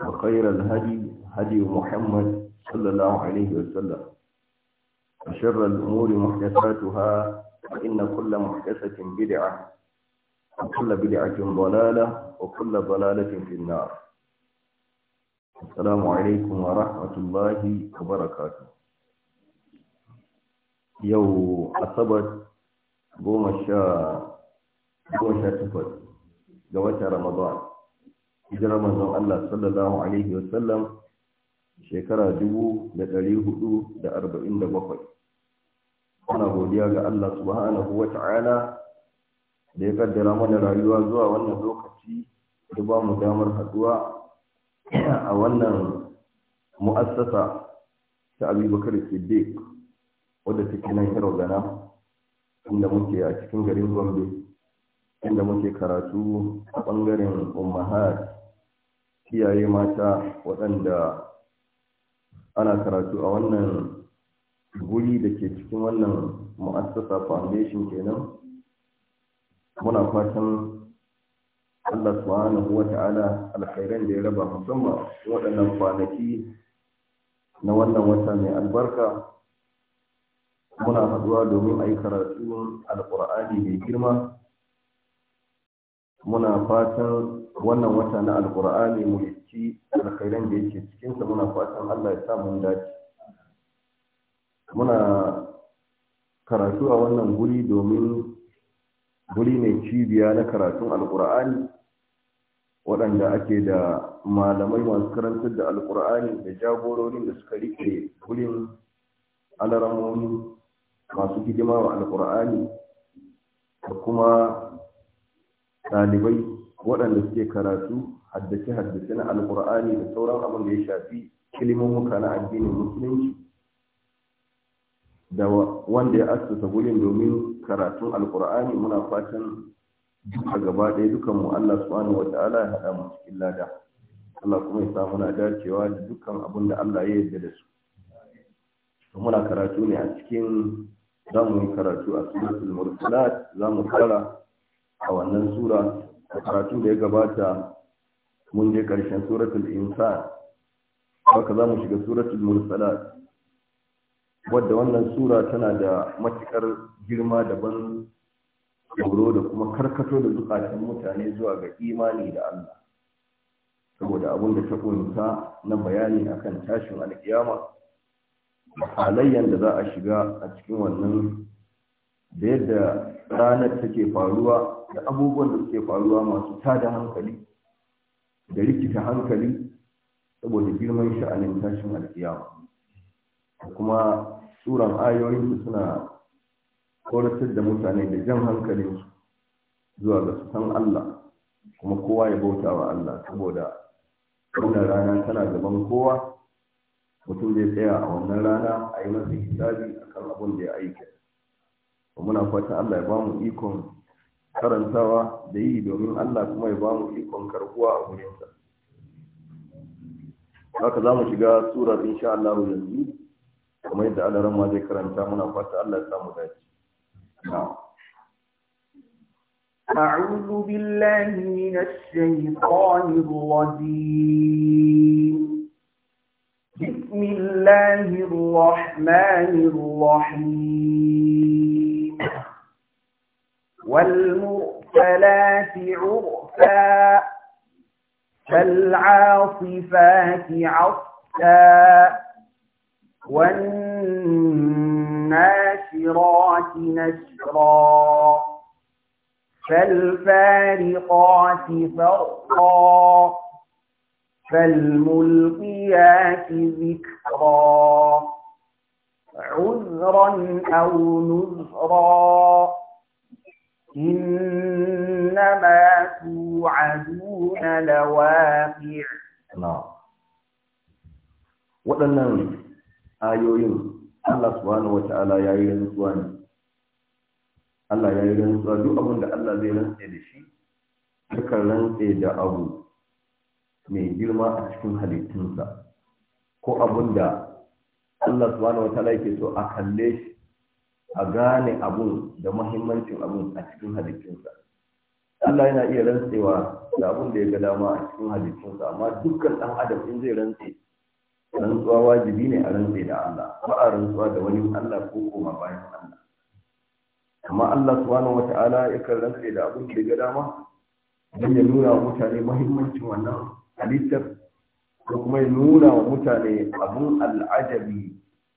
وخير الهدي هدي محمد صلى الله عليه وسلم وشر الأمور محدثاتها فإن كل محدثة بدعة وكل بدعة ضلالة وكل ضلالة في النار السلام عليكم ورحمة الله وبركاته يو أصبت قوم بومشا تفت الشاء رمضان hijirar manzon Allah sallallahu alaihi wasallam shekara dubu da ɗari hudu da arba'in da bakwai ana godiya ga Allah subhanahu wa ta'ala da ya kaddara mana rayuwa zuwa wannan lokaci da ba mu damar haduwa a wannan mu'assasa ta abubakar siddiq wadda take nan hirau gana inda muke a cikin garin gombe inda muke karatu a ɓangaren ummahat kiyaye mata waɗanda ana karatu a wannan guri da ke cikin wannan ma'asasa foundation kenan muna fatan Allah subhanahu wa ta'ala alkhairan da ya raba musamman waɗannan kwanaki na wannan wata mai albarka muna haɗuwa domin a yi karatun alƙur'ani mai girma muna fatan wannan wata na alkur'ani mu yi alkhairan da yake cikinsa muna fatan allah ya sa mun dace muna karatu a wannan guri domin guri mai cibiya na karatun alkur'ani waɗanda ake da malamai masu karantar da alkur'ani da jagororin da suka rike gurin alaramoni masu hidima wa alkur'ani da kuma ɗalibai waɗanda suke karatu haddace haddace na alkur'ani da sauran abin da ya shafi muka na addinin musulunci da wanda ya asusa gurin domin karatun alkur'ani muna fatan duka gaba ɗaya dukan mu Allah subhanahu ta'ala ya haɗa mu cikin lada Allah kuma ya samu na dacewa da dukkan abin da Allah ya yarda da su muna karatu ne a cikin za mu yi karatu a suratul mursalat za mu fara a wannan sura da karatu da ya gabata mun je ƙarshen suratul insan haka za mu shiga suratul mursalat wadda wannan sura tana da matuƙar girma da ban tsoro da kuma karkato da zukatan mutane zuwa ga imani da Allah saboda abin da ta kunsa na bayani akan tashin alkiyama halayyar da za a shiga a cikin wannan da yadda ranar take faruwa da abubuwan da suke faruwa masu tada hankali da rikita hankali saboda girman sha'anin tashin alkiyama kuma tsuran ayoyinsu suna koratar da mutane da jan hankalinsu zuwa ga san Allah kuma kowa ya bauta wa Allah saboda wannan rana tana gaban kowa mutum zai tsaya a wannan rana a yi masa hisabi akan abin da ya aika muna fatan Allah ya ba mu ikon karantawa da yi domin Allah kuma ya ba mu ikon karbuwa a gurinsa haka za mu shiga surar insha Allah yanzu kamar yadda alaran ma zai karanta muna fata Allah ya samu dace أعوذ بالله من الشيطان الرجيم بسم الله الرحمن الرحيم والمرسلات عرفا فالعاصفات عصفا والناشرات نشرا فالفارقات فرقا فالملقيات ذكرا عذرا أو نذرا إنما توعدون لواقع نعم waɗannan ayoyin Allah subhanahu wata'ala ya yi rantsuwa ne Allah ya yi rantsuwa duk abin da Allah zai rantse da shi suka rantse da abu mai girma a cikin halittunsa ko abin da Allah subhanahu wata'ala yake so a kalle shi a gane abun da mahimmancin abun a cikin halittunsa Allah yana iya rantsewa da abun da ya ga dama a cikin halittunsa amma dukkan ɗan adam in zai rantse rantsuwa wajibi ne a rantse da Allah ba a rantsuwa da wani Allah ko koma bayan Allah amma Allah subhanahu wata'ala kan rantse da abun da ya ga dama don ya nuna wa mutane mahimmancin wannan halittar ko kuma ya nuna wa mutane abun al'ajabi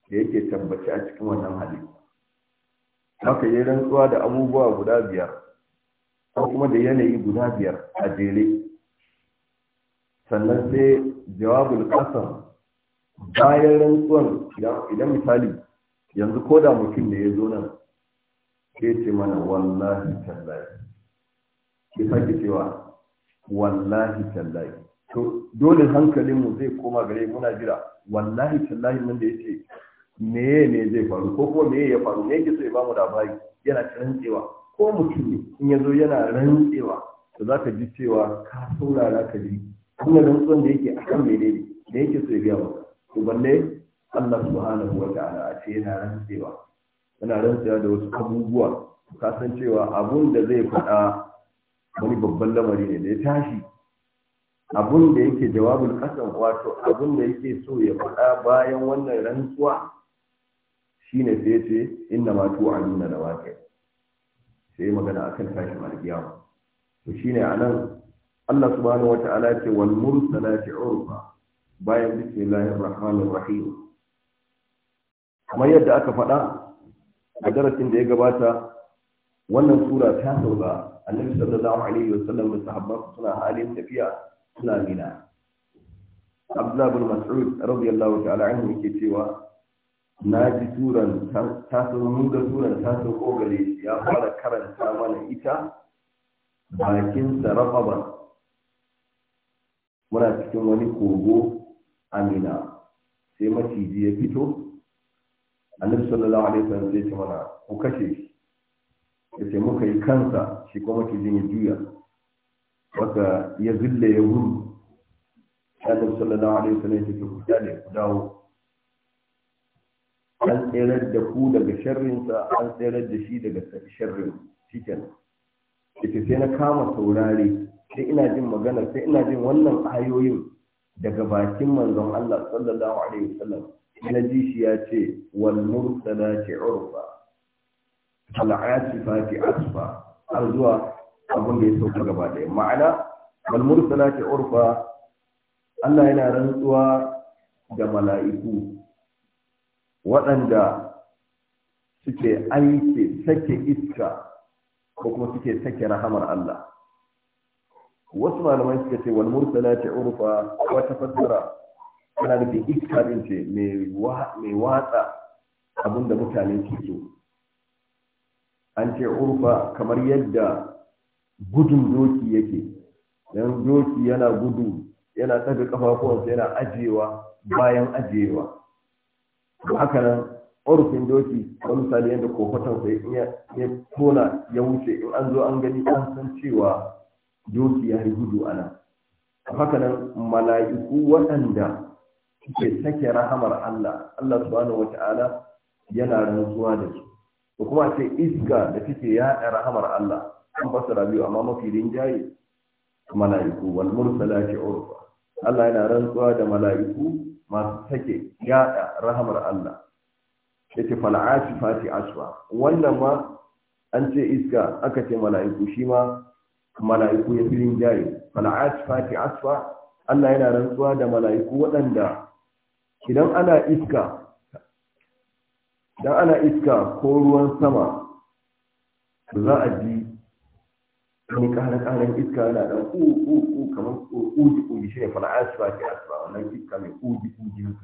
da yake tabbaci a cikin wannan halitta haka yi rantsuwa da abubuwa guda biyar ko kuma da yanayi guda biyar a jere sannan sai jawabin kasar bayan rantsuwan idan misali yanzu ko da mutum da ya zo nan ke ce mana wallahi tallahi ke sake cewa wallahi tallahi to dole hankalinmu zai koma gare muna jira wallahi tallahi nan da ya ce meye ne zai faru ko ko meye ya faru ne yake so ya bamu labari yana rantsewa ko mutum ne in ya zo yana rantsewa to za ka ji cewa ka saurara ka ji kuma rantsuwan da yake akan mene ne da yake so ya biya maka to balle Allah subhanahu wata'ala a ce yana rantsewa yana rantsewa da wasu abubuwa ka san cewa abun da zai faɗa wani babban lamari ne da ya tashi abun da yake jawabin kasan wato abun da yake so ya faɗa bayan wannan rantsuwa Shi ne sai ya ce inna ma da lawaqi sai magana akan tashin alkiyama to a nan? Allah su subhanahu wata'ala ce wal ce urfa bayan bismillahir rahmanir rahim kamar yadda aka faɗa a darasin da ya gabata wannan sura ta sauka annabi sallallahu alaihi wasallam da sahabbansa suna halin tafiya suna mina Abdullah bin Mas'ud radiyallahu ta'ala anhu yake cewa na ji turan ta mun ga turan ta sauko gare shi ya fara karanta mana ita bakin raba ba muna cikin wani kogo amina sai maciji ya fito annabi sallallahu alaihi wasallam sai ce mana ku kashe shi ce muka yi kansa shi kuma macijin ya juya wata ya zille ya gudu annabi sallallahu alaihi wasallam ya ce ku dale ku dawo an tserar da ku daga sharrinsa an tsirar da shi daga sharrin shi ita sai na kama saurare sai ina jin magana sai ina jin wannan ayoyin daga bakin manzon Allah sallallahu alaihi wasallam na ji shi ya ce wal mursalati urfa al fati asfa har zuwa abin da ya sauka gaba daya ma'ana wal mursalati urfa Allah yana rantsuwa da mala'iku waɗanda suke aiki sake iska ko kuma suke sake rahamar Allah wasu malamai suka ce wal ce urfa wata fassara ana nufin iska din ce mai watsa abinda mutane ke so an ce urfa kamar yadda gudun doki yake don doki yana gudu yana ɗaga ƙafafuwansa yana ajiyewa bayan ajiyewa to haka nan orufin doki wani misali yadda kofatansa ya tona ya wuce in an zo an gani an san cewa doki ya yi gudu ana haka nan mala'iku waɗanda suke sake rahamar Allah Allah subhanahu wata'ala yana rantsuwa da su da kuma ce iska da take yaɗa rahamar Allah an fasa biyu amma mafi rinjaye mala'iku wal mursalati urfa Allah yana rantsuwa da mala'iku masu sake yada rahamar Allah yake fati aswa wannan ma an ce iska aka ce mala'iku shi ma mala'iku ya filin jaye fati aswa Allah yana rantsuwa da mala'iku waɗanda idan ana iska idan ana iska ko ruwan sama za a ji wani ƙarar-ƙarar iska yana ɗan ƙuƙuƙu kamar ƙuƙi ƙuƙi shi ne fati asfa wannan iska mai ƙuƙi ƙuƙi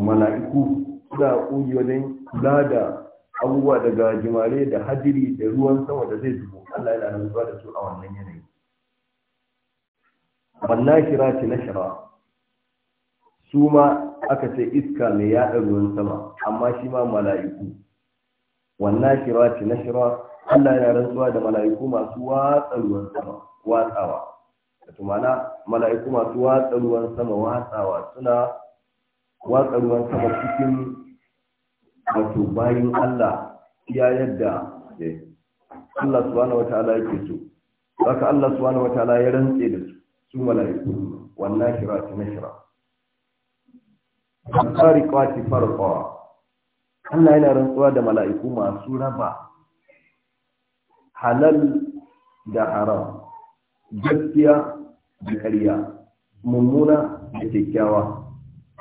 mala'iku suna ƙugi wajen kula da abubuwa daga jimare da hadiri da ruwan sama da zai zubo Allah yana nan zuwa da su a wannan yanayi wannan shira ce na shara su ma aka ce iska mai yaɗa ruwan sama amma shi ma mala'iku wannan shira ce na shara Allah yana rantsuwa da mala'iku masu watsa ruwan sama watsawa wato mana mala'iku masu watsa ruwan sama watsawa suna watsa ruwan sama cikin wato bayin Allah ya yadda eh, Allah subhanahu wataala yake so haka Allah subhanahu wataala ya rantse da su su mala'iku wannan shira ta nashira tariqati farqa Allah yana rantsuwa da mala'iku masu raba halal da haram gaskiya da ƙarya mummuna da kyakkyawa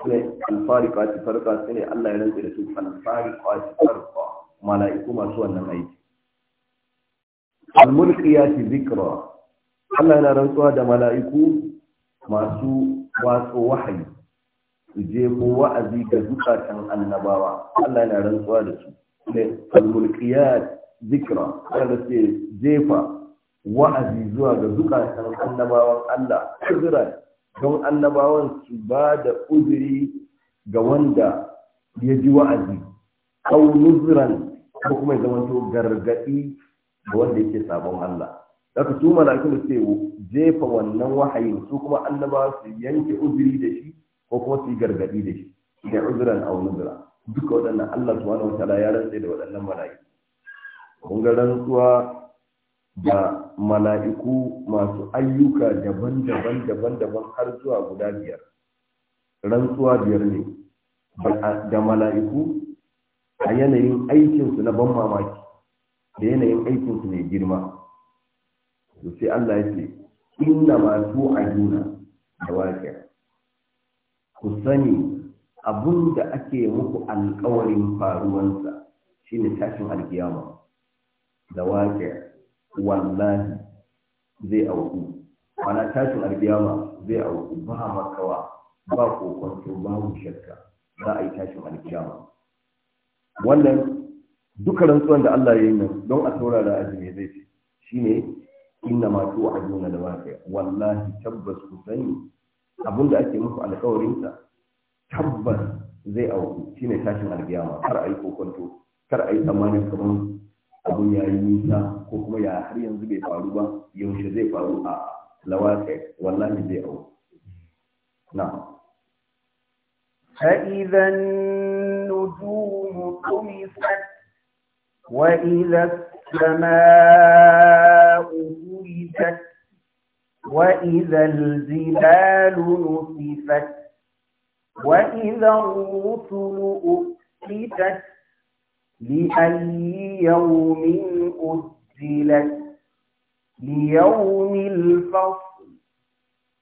sune alfarikati farka ne, Allah ya rantsa da su alfarikati farka mala'iku masu wannan aiki Almulkiyati zikra Allah yana rantsuwa da mala'iku masu watsa wahayi su je ko wa'azi ga zukatan annabawa Allah yana rantsuwa da su ne almulkiyati zikra wanda ce jefa wa'azi zuwa ga zukatan annabawan Allah don annabawan su ba da uzuri ga wanda ya ji wa'azi au nuzran ko kuma ya zamanto gargadi ga wanda yake sabon Allah daga su mala'iku su jefa wannan wahayin su kuma annabawa su yanke uzuri da shi ko kuma su yi gargadi da shi da uzran au duka waɗannan Allah subhanahu wa ta'ala ya rantsa da waɗannan mala'iku kun ga rantsuwa da mala'iku masu ayyuka daban-daban daban-daban har zuwa guda biyar rantsuwa biyar ne da mala'iku a yanayin aikinsu na ban mamaki da yanayin aikinsu mai girma Su sai Allah ya ce inna masu ayyuna, da waƙiya ku sani abun da ake muku alkawarin faruwansa shine tashin alkiyama da waƙiya wallahi zai auku mana tashin alkiyama zai auku ba makawa ba kokonto mu shakka za a yi tashin alkiyama wannan duka rantsuwan da Allah ya yi nan don a saurara azumi zai ce shine inna ma tu ajuna da kai. wallahi tabbas ku sani da ake muku alƙawarin sa tabbas zai auku shine tashin alkiyama kar a yi kokonto kar a yi tsammanin kamar abun ya yi nisa ko kuma ya har yanzu bai faru ba yaushe zai faru a lawaƙe wallahi zai au na فإذا النجوم طمست وإذا السماء فرجت وإذا الجبال نصفت وإذا الرسل أقتت لأي يوم أجلت ليوم الفصل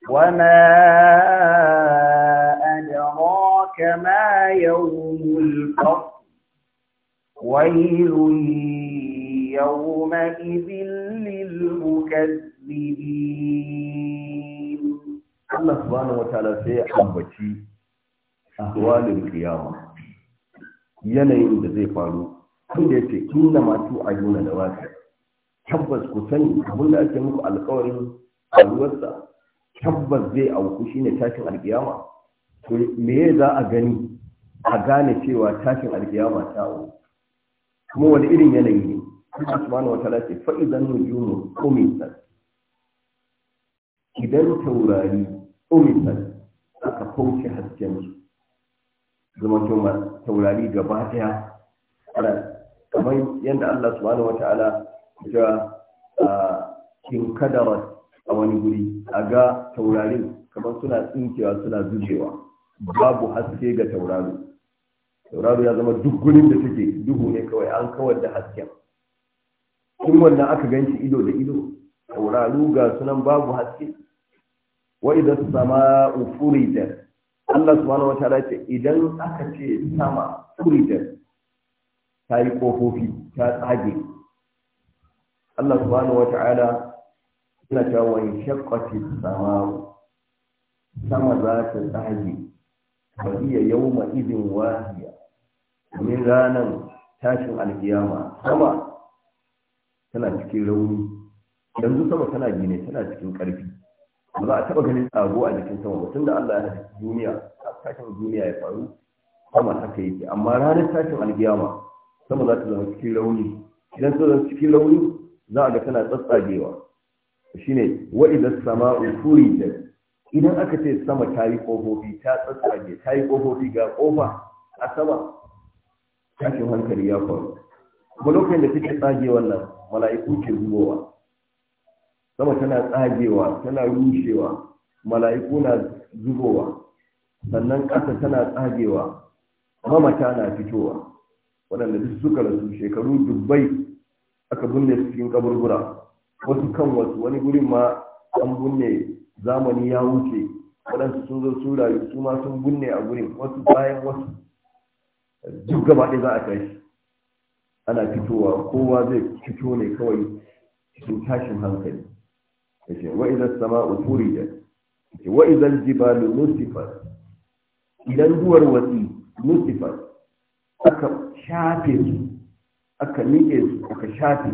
وما أدراك ما يوم الفصل ويل يومئذ للمكذبين الله سبحانه وتعالى سيحبتي أهوال القيامة yanayin da zai faru kun ya ce inna ma tu ayuna da waka tabbas ku sani abin da ake muku alƙawarin faruwarsa tabbas zai auku shine tashin alkiyama to me za a gani a gane cewa tashin alkiyama ta auku kuma wani irin yanayi ne Allah subhanahu wataala ce fa idan nujumu umisat idan taurari umisat aka kauce hasken su Zama ma taurari gaba daya ana kamar yadda Allah subhanahu wataala ya kin ah, kadara a wani guri a ga taurarin kamar suna tsinkewa suna zujewa babu haske ga taurari taurari ya zama duk gurin da take duhu ne kawai an kawar da hasken kin wannan aka ganci ido da ido Tauraru ga sunan babu haske wa idan sama'u furidat Allah subhanahu wataala ce idan aka ce sama kuridan ta yi kofofi ta tsage Allah subhanahu wataala yana ta wa shaqqati sama sama za ta tsage ba iya yauma izin wahiya domin ranan tashin alkiyama sama tana cikin rauni yanzu sama tana gine tana cikin ƙarfi. ba za a taɓa ganin tsago a jikin sama mutum da Allah ya haɗa duniya tashin duniya ya faru sama haka yake amma ranar takin alkiyama sama za ta zama cikin rauni idan ta zama cikin rauni za a ga tana tsatsagewa shine wa idan sama'u furijat idan aka ce sama ta yi ƙofofi ta tsatsage ta yi ƙofofi ga ƙofa a sama tashin hankali ya faru kuma lokacin da take tsagewa wannan mala'iku ke zuwa sama tana tsagewa tana rushewa mala'iku na zubowa sannan ƙasa tana tsagewa mamata na fitowa waɗanda duk suka rasu shekaru dubbai aka binne cikin kaburbura wasu kan wasu wani gurin ma an binne zamani ya wuce waɗansu sun zo su rayu su ma sun binne a gurin wasu bayan wasu duk gaba ɗaya za a tashi ana fitowa kowa zai fito ne kawai cikin tashin hankali yake wa idza sama'u furiyat yake wa idza jibalu nusifat idan duwar wasi nusifat aka shafe su aka nike su aka shafe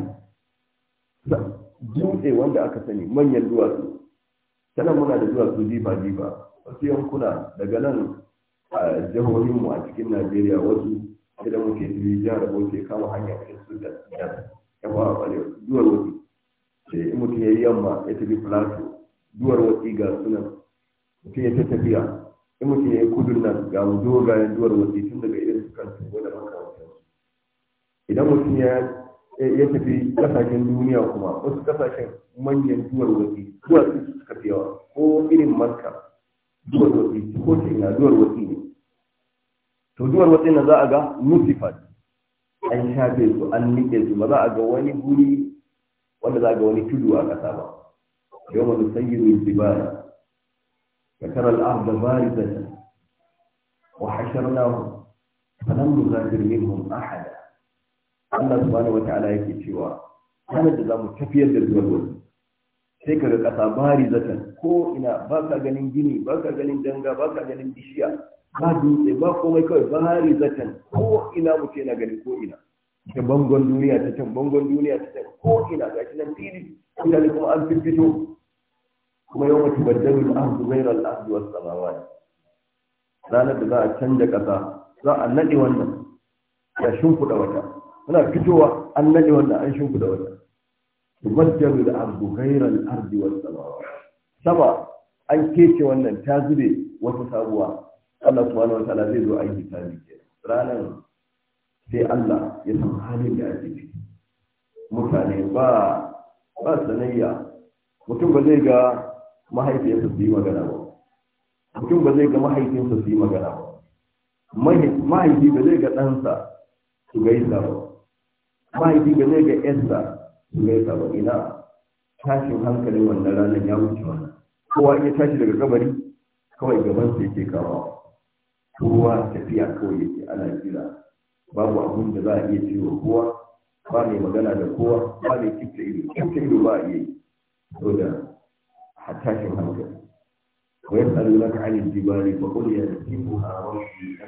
dutse wanda aka sani manyan duwatsu sanan muna da duwatsu jiba jiba wasu yankuna daga nan a jihohinmu a cikin najeriya wasu idan muke jiri jihar ke kama hanya cikin su da yawa a ɓarewa duwar wasu yamma ya tafi plato duwar watsi ga sunan mutum ya ta tafiya in mutum ya yi kudun nan ga dogayen duwar watsi tun daga irin su kan tuwo da makamantansu idan mutum ya tafi kasashen duniya kuma wasu kasashen manyan duwar watsi duwar su suka fi yawa ko irin maka, duwar watsi ko ta duwar watsi ne to duwar watsi na za a ga nufifat an shafe su an nike su ba za a ga wani guri wanda za ga wani tudu a ƙasa ba yau mai sayyiru jibala ka tara al'arda barizatan wa hasharnahu falam nuzajir minhum ahada Allah subhanahu wata'ala yake cewa ranar da za mu tafiyar da zuwa wani sai ka ga ƙasa bari zatan ko ina ba ka ganin gini ba ka ganin danga ba ka ganin bishiya ba dutse ba komai kawai bari zatan ko ina mutum yana ganin ko ina ta bangon duniya ta can bangon duniya ta can ko ina ga shi nan fili ne kuma an fito kuma yau an baddalu al'ahdu al'adu wasu was ne ranar da za a canja ƙasa za a naɗe wannan ya shimfiɗa wata muna fitowa an naɗe wannan an shimfiɗa wata an al'ahdu ghayra al'adu wasu samawat sama an kece wannan ta zube wata sabuwa Allah subhanahu wa ta'ala zai zo a yi hisabi ranar sai Allah ya san halin da ake ciki mutane ba ba sanayya mutum ba zai ga mahaifiyarsa su yi magana ba mutum ba zai ga mahaifinsa su yi magana ba mahaifi ba zai ga ɗansa su gaisa ba mahaifi ba zai ga ƴansa su gaisa ba ina tashin hankalin wannan ranar ya wuce mana kowa iya tashi daga kabari kawai gabansa yake kawo kowa tafiya kawai yake ana kira babu abun da za a iya cewa kowa ba mai magana da kowa ba mai kifta ido kifta ido ba a iya yi saboda hattashin hankali wa yas'alunaka 'anil jibali fa qul yansifuha rabbi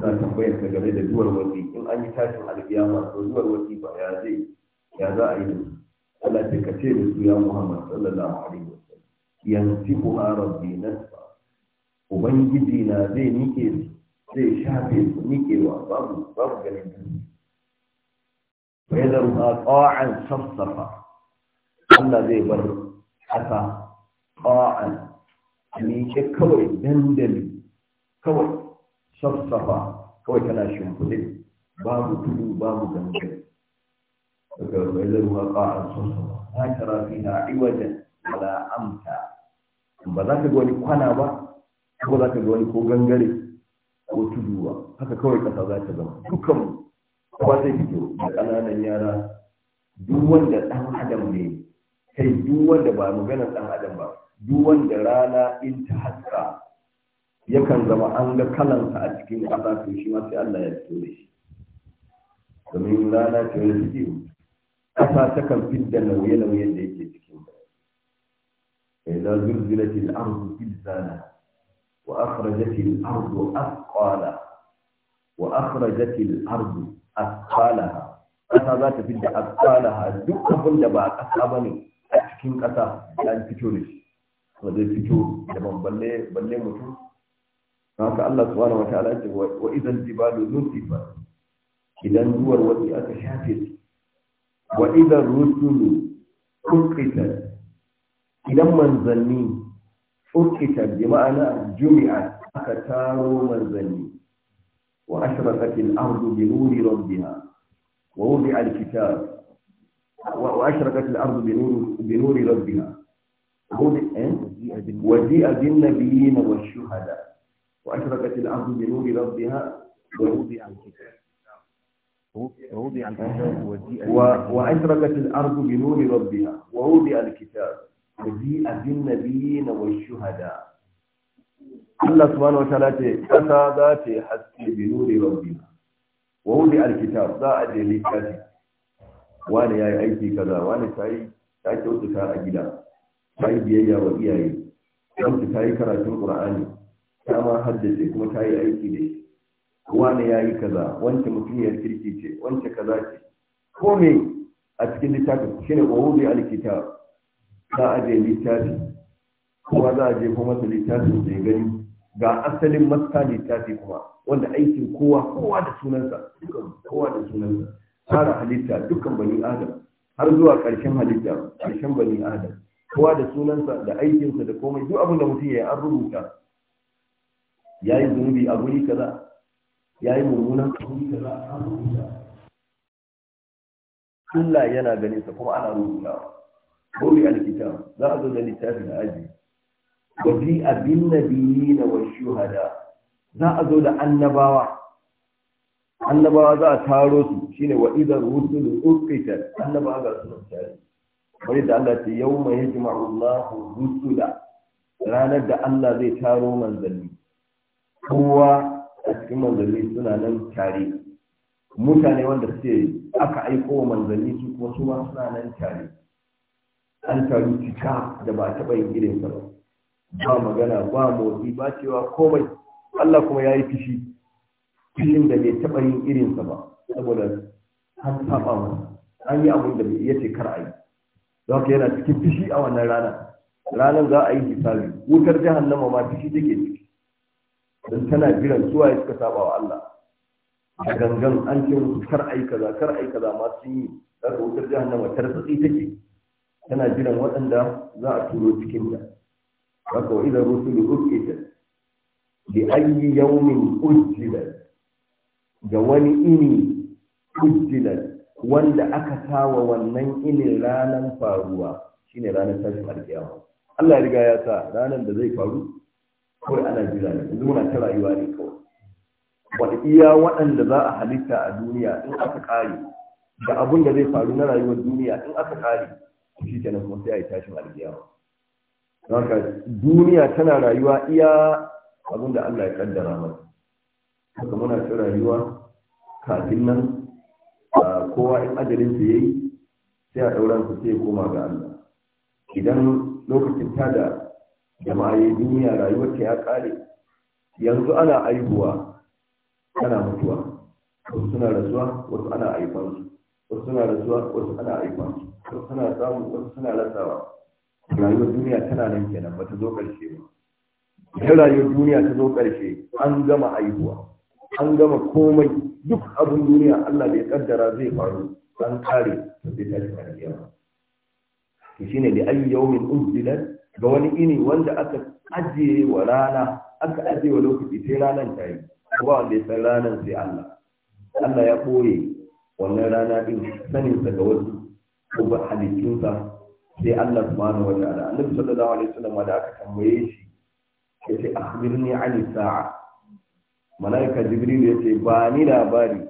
za tambayar ka game da duwar wasi in an yi tashin alkiyama to duwar wasi ba ya zai ya za a yi da su Allah ce ka ce da su ya Muhammad sallallahu alaihi wasallam yansifuha rabbi nasfa ubangiji na zai nike su zai shafe su miƙewa babu babu ganin duniya wa yadda ruha ƙawa'an safsafa Allah zai bar ƙasa ƙawa'an a miƙe kawai dandali kawai safsafa kawai tana shimfiɗe babu tudu babu ganin daga wailar ruwa ƙawa'an safsafa ta tara fiha iwajen wala amta ba za ka ga wani kwana ba ko za ka ga wani ko gangare ko tudu haka kawai kasa za ta zama dukkan kowa zai fito da ƙananan yara duk wanda ɗan adam ne kai duk wanda ba maganar ɗan adam ba duk wanda rana in ta haska yakan zama an ga kalansa a cikin ƙasa to shi ma sai Allah ya fito da shi domin rana ce wani fito ƙasa takan fidda nauye-nauyen da yake cikin ta. Ina zurzila fil zana وأخرجت الأرض أثقالها وأخرجت الأرض أثقالها ƙasa za ta fidda askalaha duk abin da ba a ƙasa ba a cikin ƙasa an fito da shi ba zai fito balle balle mutum haka Allah subhanahu wataala ce wa idan duwar aka shafe idan manzanni أُكِتَتْ بِمَعْنَى جُمِعَتْ أَكَتَارُ مَنْزَلِي وَأَشْرَقَتِ الْأَرْضُ بِنُورِ رَبِّهَا وَوُضِعَ الْكِتَابُ وَأَشْرَقَتِ الْأَرْضُ بِنُورِ رَبِّهَا إيه؟ وَجِئَ بِالنَّبِيِّينَ وَالشُّهَدَاءِ وَأَشْرَقَتِ الْأَرْضُ بِنُورِ رَبِّهَا وَوُضِعَ الْكِتَابُ ووضع الكتاب وأشرقت الأرض بنور ربها ووضع الكتاب waji'a bin na wasu shuhada Allah subhanahu wata ce ƙasa za ta yi haske bi nuri rabbina wa wudi alkita za a je littafi wani yi aiki kaza wani tayi ta ta a gida ta yi biyayya wa iyaye wanda ta yi karatun ƙur'ani. ta ma haddace kuma ta yi aiki da shi wani yi kaza mutum mutumiyar kirki ce wancan kaza ce ko me a cikin littafin shi ne wa wudi alkita. za a je littafi kuma za a je kuma su littafi da ya gani ga asalin masta littafi kuma wanda aikin kowa kowa da sunansa dukkan kowa da sunansa tsara halitta dukkan bani adam har zuwa ƙarshen halitta ƙarshen bani adam kowa da sunansa da aikinsa da komai duk abin da mutum ya yi an rubuta ya yi zunubi a guri kaza ya yi mummunan a guri kaza a rubuta Allah yana ganin sa kuma ana rubutawa gobe alkitab za a zo da littafin aji wa ji abin nabiyina wa shuhada za a zo da annabawa annabawa za a taro su shine wa idan rusul uqitat annabawa ga su tare wani da Allah ce yau mai yajma'u Allahu rusula ranar da Allah zai taro manzanni kowa a cikin manzanni suna nan tare mutane wanda suke aka aiko wa su kuma suna nan tare an taru cika da ba taɓa yin irin sa ba ba magana ba motsi ba cewa komai Allah kuma ya yi fishi fishin da bai taɓa yin irin sa ba saboda har saba mu an yi abin da bai yace kar a yi don yana cikin fishi a wannan rana ranar za a yi hisabi wutar jahannama ma fishi take ciki don tana jiran suwa ya suka saba wa Allah a gangan an ce musu kar a yi kaza kar a yi kaza ma sun yi za wutar jahannama tartsatsi take tana jiran waɗanda za a turo cikinta haka wa idan rusulu ukita bi ayyi yawmin ujjilat ga wani ini ujjilat wanda aka sawa wannan ini ranan faruwa shine ranar tashin alkiyama Allah ya riga ya sa ranar da zai faru kawai ana jira ne yanzu muna ta rayuwa ne kawai wata iya waɗanda za a halitta a duniya in aka ƙare da abun da zai faru na rayuwar duniya in aka ƙare shi kenan kuma sai a yi tashin alkiyama haka duniya tana rayuwa iya abin da Allah ya kaddara mana haka muna ta rayuwa kafin nan kowa in ajalin su yayi sai a dauran su sai koma ga Allah idan lokacin ta da jama'a yayi duniya rayuwar ta ya kare yanzu ana aihuwa ana mutuwa wasu suna rasuwa wasu ana aifansu wasu suna rasuwa wasu ana aika wasu suna samu wasu suna rasawa rayuwar duniya tana nan kenan ba ta zo ƙarshe ba idan rayuwar duniya ta zo ƙarshe an gama aihuwa an gama komai duk abin duniya Allah bai kaddara zai faru an kare ta zai tashi kariya to shine da ayi yawmin unzilat ga wani ini wanda aka ajiye wa rana aka ajiye wa lokaci sai ranar ta yi ba wanda ya san ranar sai Allah Allah ya ɓoye wannan rana din sanin sa ga wasu ko ba halittun sa sai Allah subhanahu wa ta'ala annabi sallallahu alaihi wasallam da aka tambaye shi yace akhbirni an sa'a malaika jibril yace ba ni labari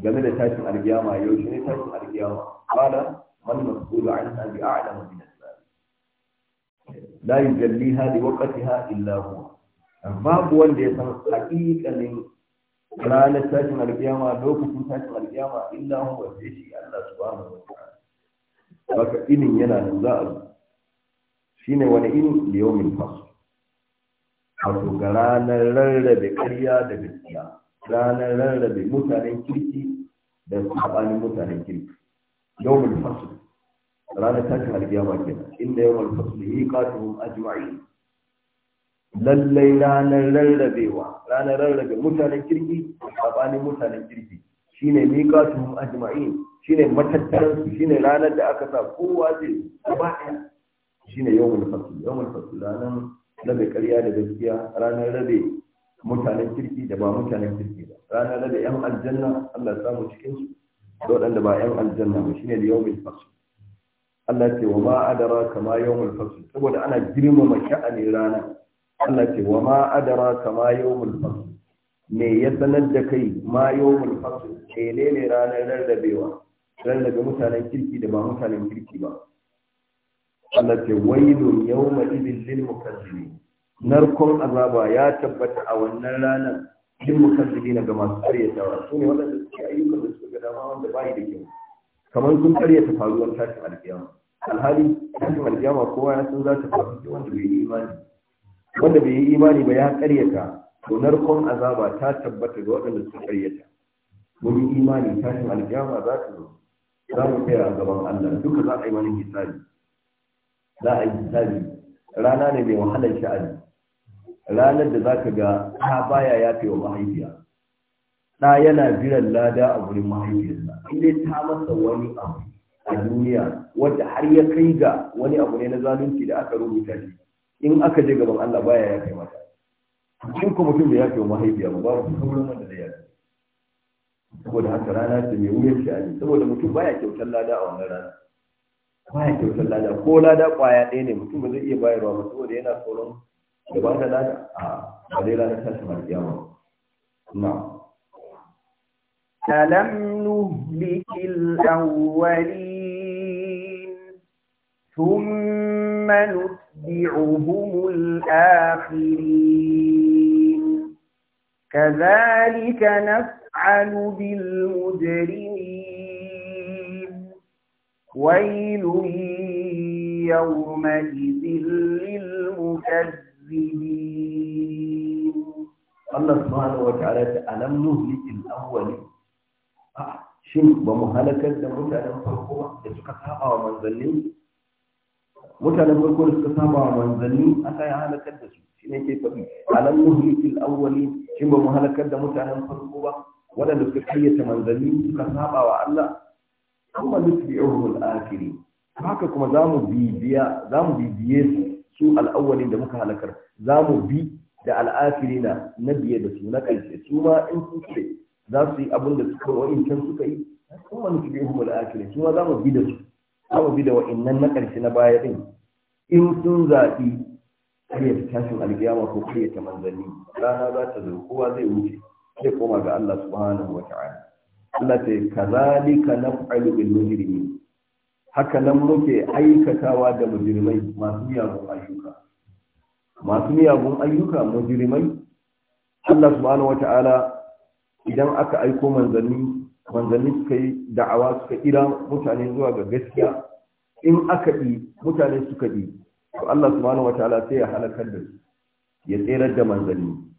game da tashin alkiyama shi ne tashin alkiyama qala man mas'ulu anha bi a'lamu min la yujalliha li waqtiha illa huwa babu wanda ya san haqiqanin ranar tashin alƙiyama lokacin tashin alƙiyama. illa hu wa shi Allah subhanahu wa ta'ala baka inin yana nan za a zo shine wani inin da yawmin fasl wato ga ranar rarrabe ƙarya da gaskiya ranar rarrabe mutanen kirki da sabanin mutanen kirki yawmin fasl ranar tashin alƙiyama kenan inda yawmin fasl yi qatuhum ajma'in lallai ranar rarrabewa ranar rarrabe mutanen kirki sabanin mutanen kirki shine miqatu ajma'in shine matattaran su shine ranar da aka sa kowa zai gaba ɗaya shine yawmul fasl yawmul fasl ranar rabe ƙarya da gaskiya ranar rabe mutanen kirki da ba mutanen kirki ba ranar rabe yan aljanna Allah ya samu cikin su da waɗanda ba yan aljanna ba shine yawmul fasl Allah ce wa ma adara kama yawmul fasl saboda ana girmama sha'anin ranar Allah ce wa ma adara kama yawmul fasl me ya sanar da kai ma yawmul fasl kele ne ranar rarrabewa rarrabe mutanen kirki da ba mutanen kirki ba Allah ce wailun yawma idin lil mukazzibin narkon azaba ya tabbata a wannan ranar lil mukazzibin ga masu karyatawa su ne waɗanda suke ayyukan da suka gada ma wanda bayi da kyau kamar sun karyata faruwar tashin alƙiyama alhali tashin alƙiyama kowa ya san za ta faru wanda bai yi imani wanda bai yi imani ba ya karyata to narkon azaba ta tabbata ga waɗanda suka karyata mun yi imani tashin aljama za ta zo za mu tsaya a gaban Allah duka za a yi wani hisabi za a yi hisabi rana ne mai wahalar sha'ani ranar da za ka ga ta baya ya fi wa mahaifiya ɗa yana jiran lada a wurin mahaifiyarsa inda ta masa wani abu a duniya wadda har ya kai ga wani abu ne na zalunci da aka rubuta shi in aka je gaban Allah baya ya kai mata in ko mutum da ya kai mahaifiya ba babu sauran wanda da ya saboda haka rana ce mai wuyan sha'ani saboda mutum baya kyautar lada a wannan rana baya kyautar lada ko lada kwaya ɗaya ne mutum ba zai iya bayarwa ba saboda yana tsoron da ba ta lada a ba dai ta tashin kiyama na ألم نهلك الأولين ثم نتبع نتبعهم الآخرين كذلك نفعل بالمجرمين ويل يومئذ للمكذبين الله سبحانه وتعالى ألم نهلك الأولين آه، شنو ba mu halakar da mutanen farko da mutanen farko da suka saba wa manzanni aka yi halakar da su shi ne ke faɗi alam nuhlikil awwali shi ba mu halakar da mutanen farko ba waɗanda suka kayyata manzanni suka saba wa Allah amma nutbi'uhum akhirin haka kuma zamu bibiya bibiye su su al da muka halakar mu bi da al-akhirina na biye da su na ƙarshe su ma in sun ce za su yi abin da suka wa'incan suka yi kuma nutbi'uhum al-akhirin su ma mu bi da su awa bi da wa'annan na ƙarshe na baya ɗin in sun zaɓi karyata tashin alƙiyama ko karyata manzanni rana za ta zo kowa zai wuce sai koma ga Allah subhanahu wa ta'ala Allah ta kazalika naf'alu bil mujrimin haka nan muke aikatawa da mujrimai masu miyagun ayyuka masu miyagun ayyuka mujrimai Allah subhanahu wa ta'ala idan aka aiko manzanni manzanni suka yi da'awa suka kira mutane zuwa ga gaskiya in aka yi mutane suka yi to Allah subhanahu wataala sai ya halakar da su ya tsere da manzanni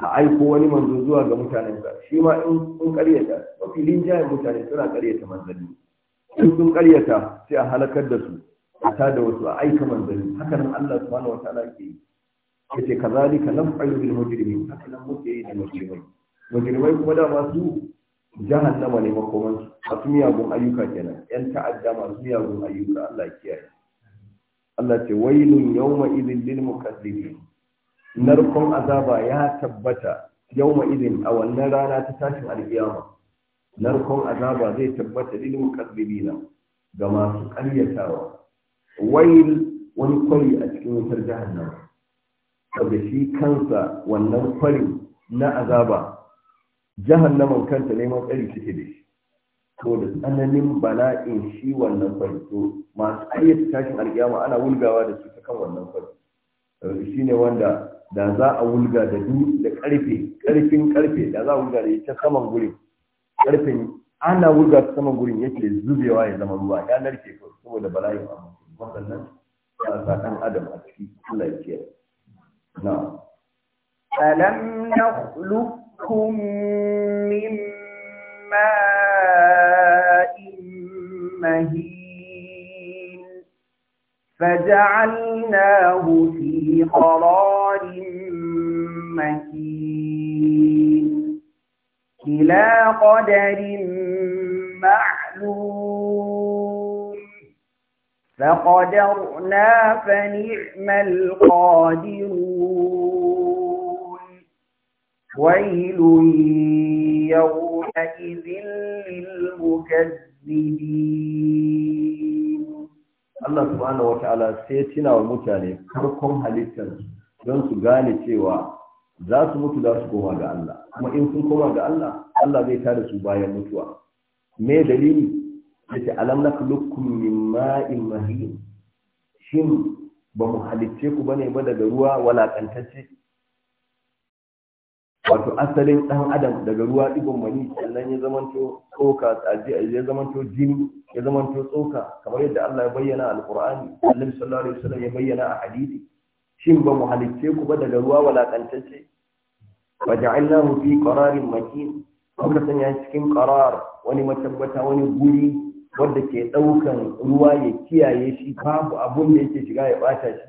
a aiko wani manzo zuwa ga mutanen sa shi ma in sun karyata mafilin linjayen mutane suna karyata manzanni in sun karyata sai a halakar da su a da wasu a aika manzanni haka nan Allah subhanahu wataala ke yi yace kazalika naf'alu bil mujrimin haka nan muke yi da mujrimai mujrimai kuma da masu jahannama ne makoman masu miyagun ayyuka kenan yan ta'adda masu miyagun ayyuka Allah kiyaye Allah ce wailun yawma idin lil mukazzibin narkon azaba ya tabbata yawma idin a wannan rana ta tashin alkiyama narkon azaba zai tabbata lil na ga masu ƙaryatawa wail wani kwari a cikin wutar jahannama saboda shi kansa wannan kwari na azaba jahannaman kanta neman tsari suke da shi to da tsananin bala'in shi wannan farko masu ayyata tashin alkiyama ana wulgawa da su ta kan wannan fari shi ne wanda da za a wulga da du da karfe karfin karfe da za a wulga da ta saman gurin karfin ana wulga ta saman gurin yake zubewa ya zama ruwa ya narke ko saboda bala'in amma wannan ya sa dan adam a ciki Allah ya kiyaye na alam nakhluq يسقكم من ماء مهين فجعلناه في قرار مكين إلى قدر معلوم فقدرنا فنعم القادرون ويل يومئذ للمكذبين Allah subhanahu wata'ala sai ya tina wa mutane farkon halittar don su gane cewa za su mutu za su koma ga Allah kuma in sun koma ga Allah Allah zai tare su bayan mutuwa me dalili yace alam nakhluqukum min ma'in mahin shin ba mu halicce ku bane ba daga ruwa walakantacce wato asalin ɗan adam daga ruwa ɗigon mani sannan ya zamanto tsoka ya to jini ya to tsoka kamar yadda Allah ya bayyana a alqur'ani annabi sallallahu alaihi wasallam ya bayyana a hadisi shin ba mu halicce ku ba daga ruwa walakantacce wa ja'alnahu fi qararin makin muka sanya cikin qarar wani matabbata wani guri wanda ke ɗaukan ruwa ya kiyaye shi babu abun da yake shiga ya bata shi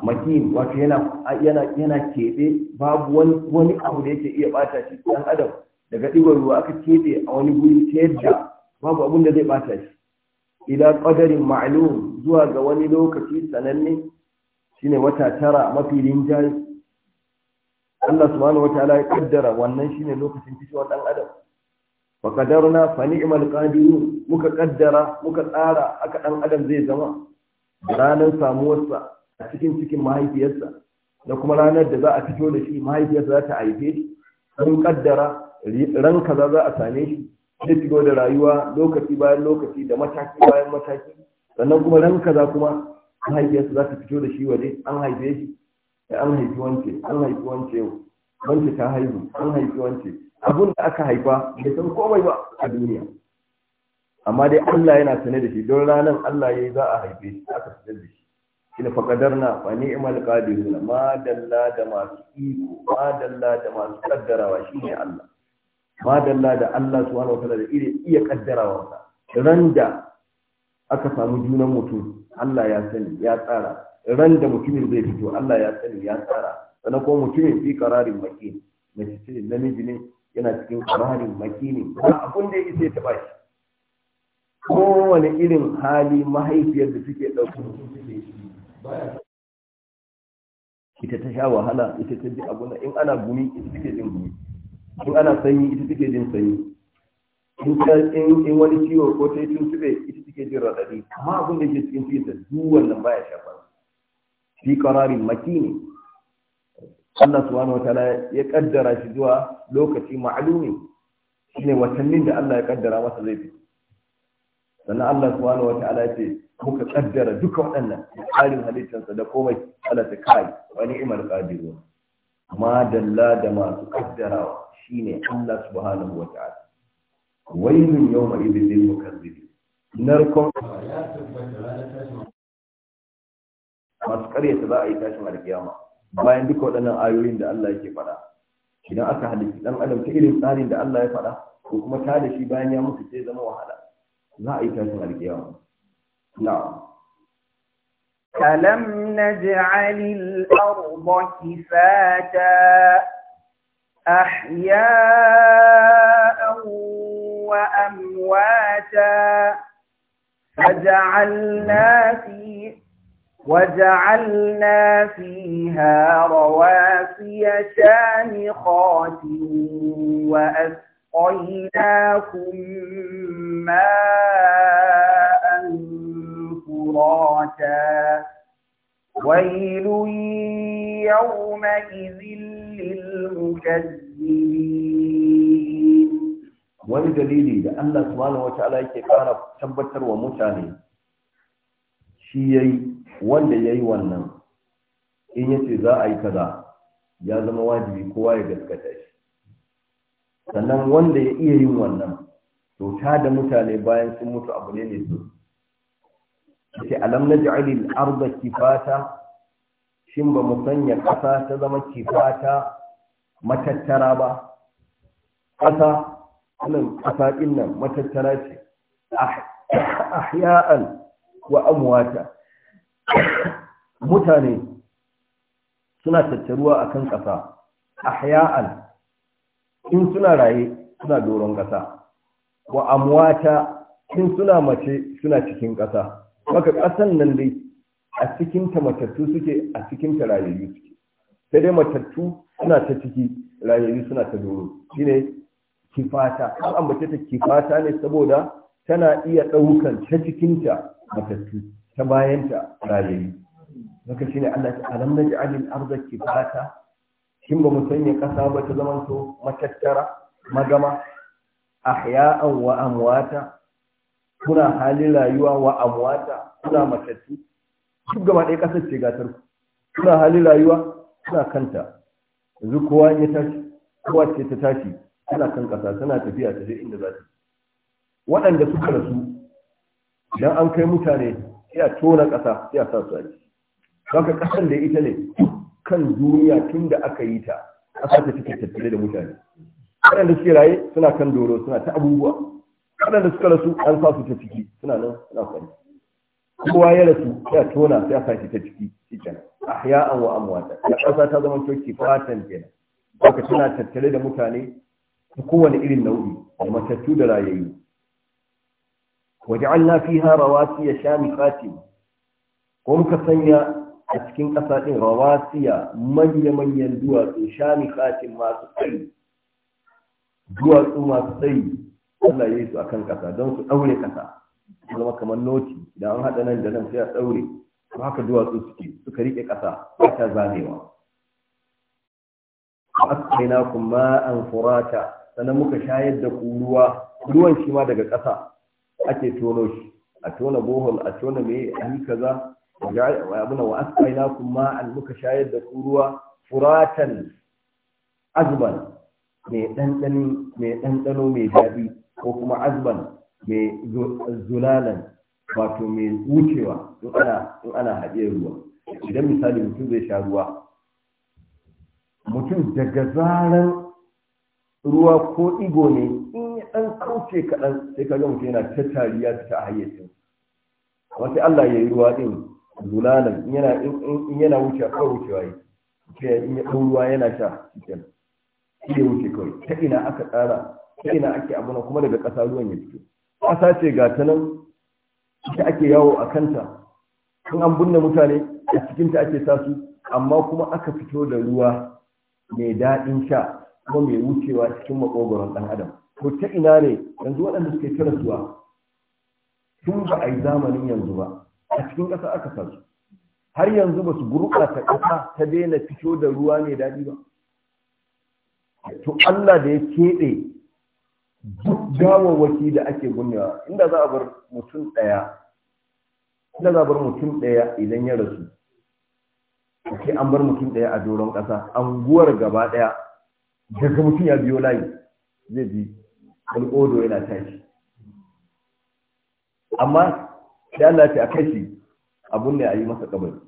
makin wato yana yana yana keɓe babu wani wani abu da yake iya bata shi dan adam daga digon ruwa aka kebe a wani guri ta yadda babu abin da zai bata shi ila qadarin ma'lum zuwa ga wani lokaci sananne shine wata tara mafi rinjaye Allah subhanahu wataala ya kaddara wannan shine lokacin fitowar dan adam wa qadarna fa ni'mal qadirun muka kaddara muka tsara aka dan adam zai zama ranar samuwarsa a cikin cikin mahaifiyarsa da kuma ranar da za a fito da shi mahaifiyarsa za ta haife shi sun kaddara ran kaza za a same shi zai shigo da rayuwa lokaci bayan lokaci da mataki bayan mataki sannan kuma ran kaza kuma mahaifiyarsa za ta fito da shi waje an haife shi an haifi wance an haifi wance yau wance ta haihu an haifi wance abun da aka haifa bai san komai ba a duniya amma dai Allah yana sane da shi don ranar Allah ya yi za a haife shi aka fitar da shi ina faƙadar na ni'mal imal ma dalla da masu iko ma dalla da masu kaddarawa shi Allah ma dalla da Allah subhanahu wa ta'ala da iya ƙaddarawa wa ran da aka samu junan mutum Allah ya sani ya tsara ran da mutumin zai fito Allah ya sani ya tsara sannan kuma mutumin fi kararin maki mace ce namiji ne yana cikin kararin makini ne ba abun da ya isa ya taɓa shi kowane irin hali mahaifiyar da suke ɗauka suke shi ita ta sha wahala ita ta ji abu in ana gumi ita take jin gumi in ana sanyi ita take jin sanyi in in wani ciwo ko ta yi tuntube ita take jin raɗaɗi amma abin da ke cikin cikin ta duk wannan baya shafar Shi karari makini Allah subhanahu wataala ya kaddara shi zuwa lokaci ma'lumi shine watannin da Allah ya kaddara masa zai fito sannan Allah subhanahu wa ta'ala ce kuka kaddara duka waɗannan tsarin halittarsa da komai Allah ta kai wa ni'mal qadiru ma dalla da masu kaddarawa shine Allah subhanahu wa ta'ala wailun yawma idin lil mukazzibin narkon masu karyata za a yi tashin alkiyama bayan duka waɗannan ayoyin da Allah yake faɗa idan aka halitta dan adam ta irin tsarin da Allah ya faɗa ko kuma ta da shi bayan ya mutu sai zama wahala لا a yi tashin alƙiyawa ألم نجعل الأرض كفاتا أحياء وأمواتا فجعلنا في وجعلنا فيها رواسي شامخات وأسفل وأسقيناكم ماء فراتا ويل يومئذ للمكذبين wani dalili da Allah subhanahu wata'ala yake ƙara tabbatar wa mutane shi yayi wanda yayi wannan in yace za a yi kaza ya zama wajibi kowa ya gaskata shi sannan wanda ya iya yin wannan to ta da mutane bayan sun mutu abu ne ne su yake alam naj'alil arda kifata shin ba mu sanya ƙasa ta zama kifata matattara ba ƙasa nan ƙasa ɗin nan matattara ce ah, ahya'an wa amwata mutane suna tattaruwa akan ƙasa ahya'an in suna raye suna doron ƙasa wa amwata in suna mace suna cikin ƙasa maka ƙasan nan dai a cikin ta matattu suke a cikin ta rayayyu suke sai dai matattu suna ta ciki rayayyu suna ta doro shine kifata an ambace ta kifata ne saboda tana iya ɗaukan ta cikin ta matattu ta bayanta rayayyu maka shine Allah ta alam naj'alil arda kifata shin ba mu sanya ƙasa ba ta zama to matattara magama ahya'an wa amwata kuna halin rayuwa wa amwata kuna matattu duk gaba ɗaya ƙasar ce gatar kuna halin rayuwa kuna kanta yanzu kowa ya tashi kowa ce ta tashi tana kan ƙasa tana tafiya ta je inda za ta waɗanda suka rasu idan an kai mutane sai a tona ƙasa sai a sa su a ciki haka ƙasar da ita ne kan duniya tun da aka yi ta aka ta take tattare da mutane waɗanda suke raye suna kan doro suna ta abubuwa waɗanda suka rasu an sa su ta ciki suna nan suna kwari kowa ya rasu ya tona sai aka shi ta ciki shi kenan an wa amwata ya ƙasa ta zama toki fatan kenan haka tana tattare da mutane ta kowane irin nau'i da matattu da rayayyu su ya sha shamikati ko muka sanya a cikin ƙasa ɗin rawasiya manya-manyan duwatsu shamikatin masu tsayi duwatsu masu tsayi Allah ya yi su akan ƙasa don su ɗaure ƙasa su zama kamar noti da an haɗa nan da nan sai a ɗaure su haka duwatsu suke suka riƙe ƙasa ba ta zamewa asqayna kum an furata sannan muka shayar da ku ruwa ruwan shi ma daga ƙasa ake tono shi a tona bohol a tona me a yi kaza abuna wa asqayna kum ma'an muka shayar da ku ruwa furatan azban mai ɗanɗano mai daɗi ko kuma azban mai zulalan wato mai wucewa in ana in ana haɗe ruwa idan misali mutum zai sha ruwa mutum daga zaran ruwa ko igo ne in ya ɗan kauce kaɗan sai ka ga mutum yana ta tariya ta a hayyacin amma Allah ya yi ruwa ɗin zulalan yana in yana wuce kawai wucewa yi ke in ya ɗau ruwa yana sha cikin shi wuce kawai ta ina aka tsara ta ina ake abuna kuma daga ƙasa ruwan ya fito ƙasa ce ga ta nan ita ake yawo a kanta in an binne mutane a ta ake sa amma kuma aka fito da ruwa mai daɗin sha kuma mai wucewa cikin makogoron ɗan adam ko ta ina ne yanzu waɗanda suke karasuwa tun ba a yi zamanin yanzu ba a cikin ƙasa aka sa har yanzu ba su gurɓata ƙasa ta daina fito da ruwa mai daɗi ba to Allah da ya keɓe duk gawawwaki da ake gunyawa inda za a bar mutum ɗaya inda za a bar mutum ɗaya idan ya rasu ake an bar mutum ɗaya a doron ƙasa anguwar gaba ɗaya daga mutum ya biyo layi zai bi wani yana tashi amma sai Allah ce a kashi abun ne a yi masa kabari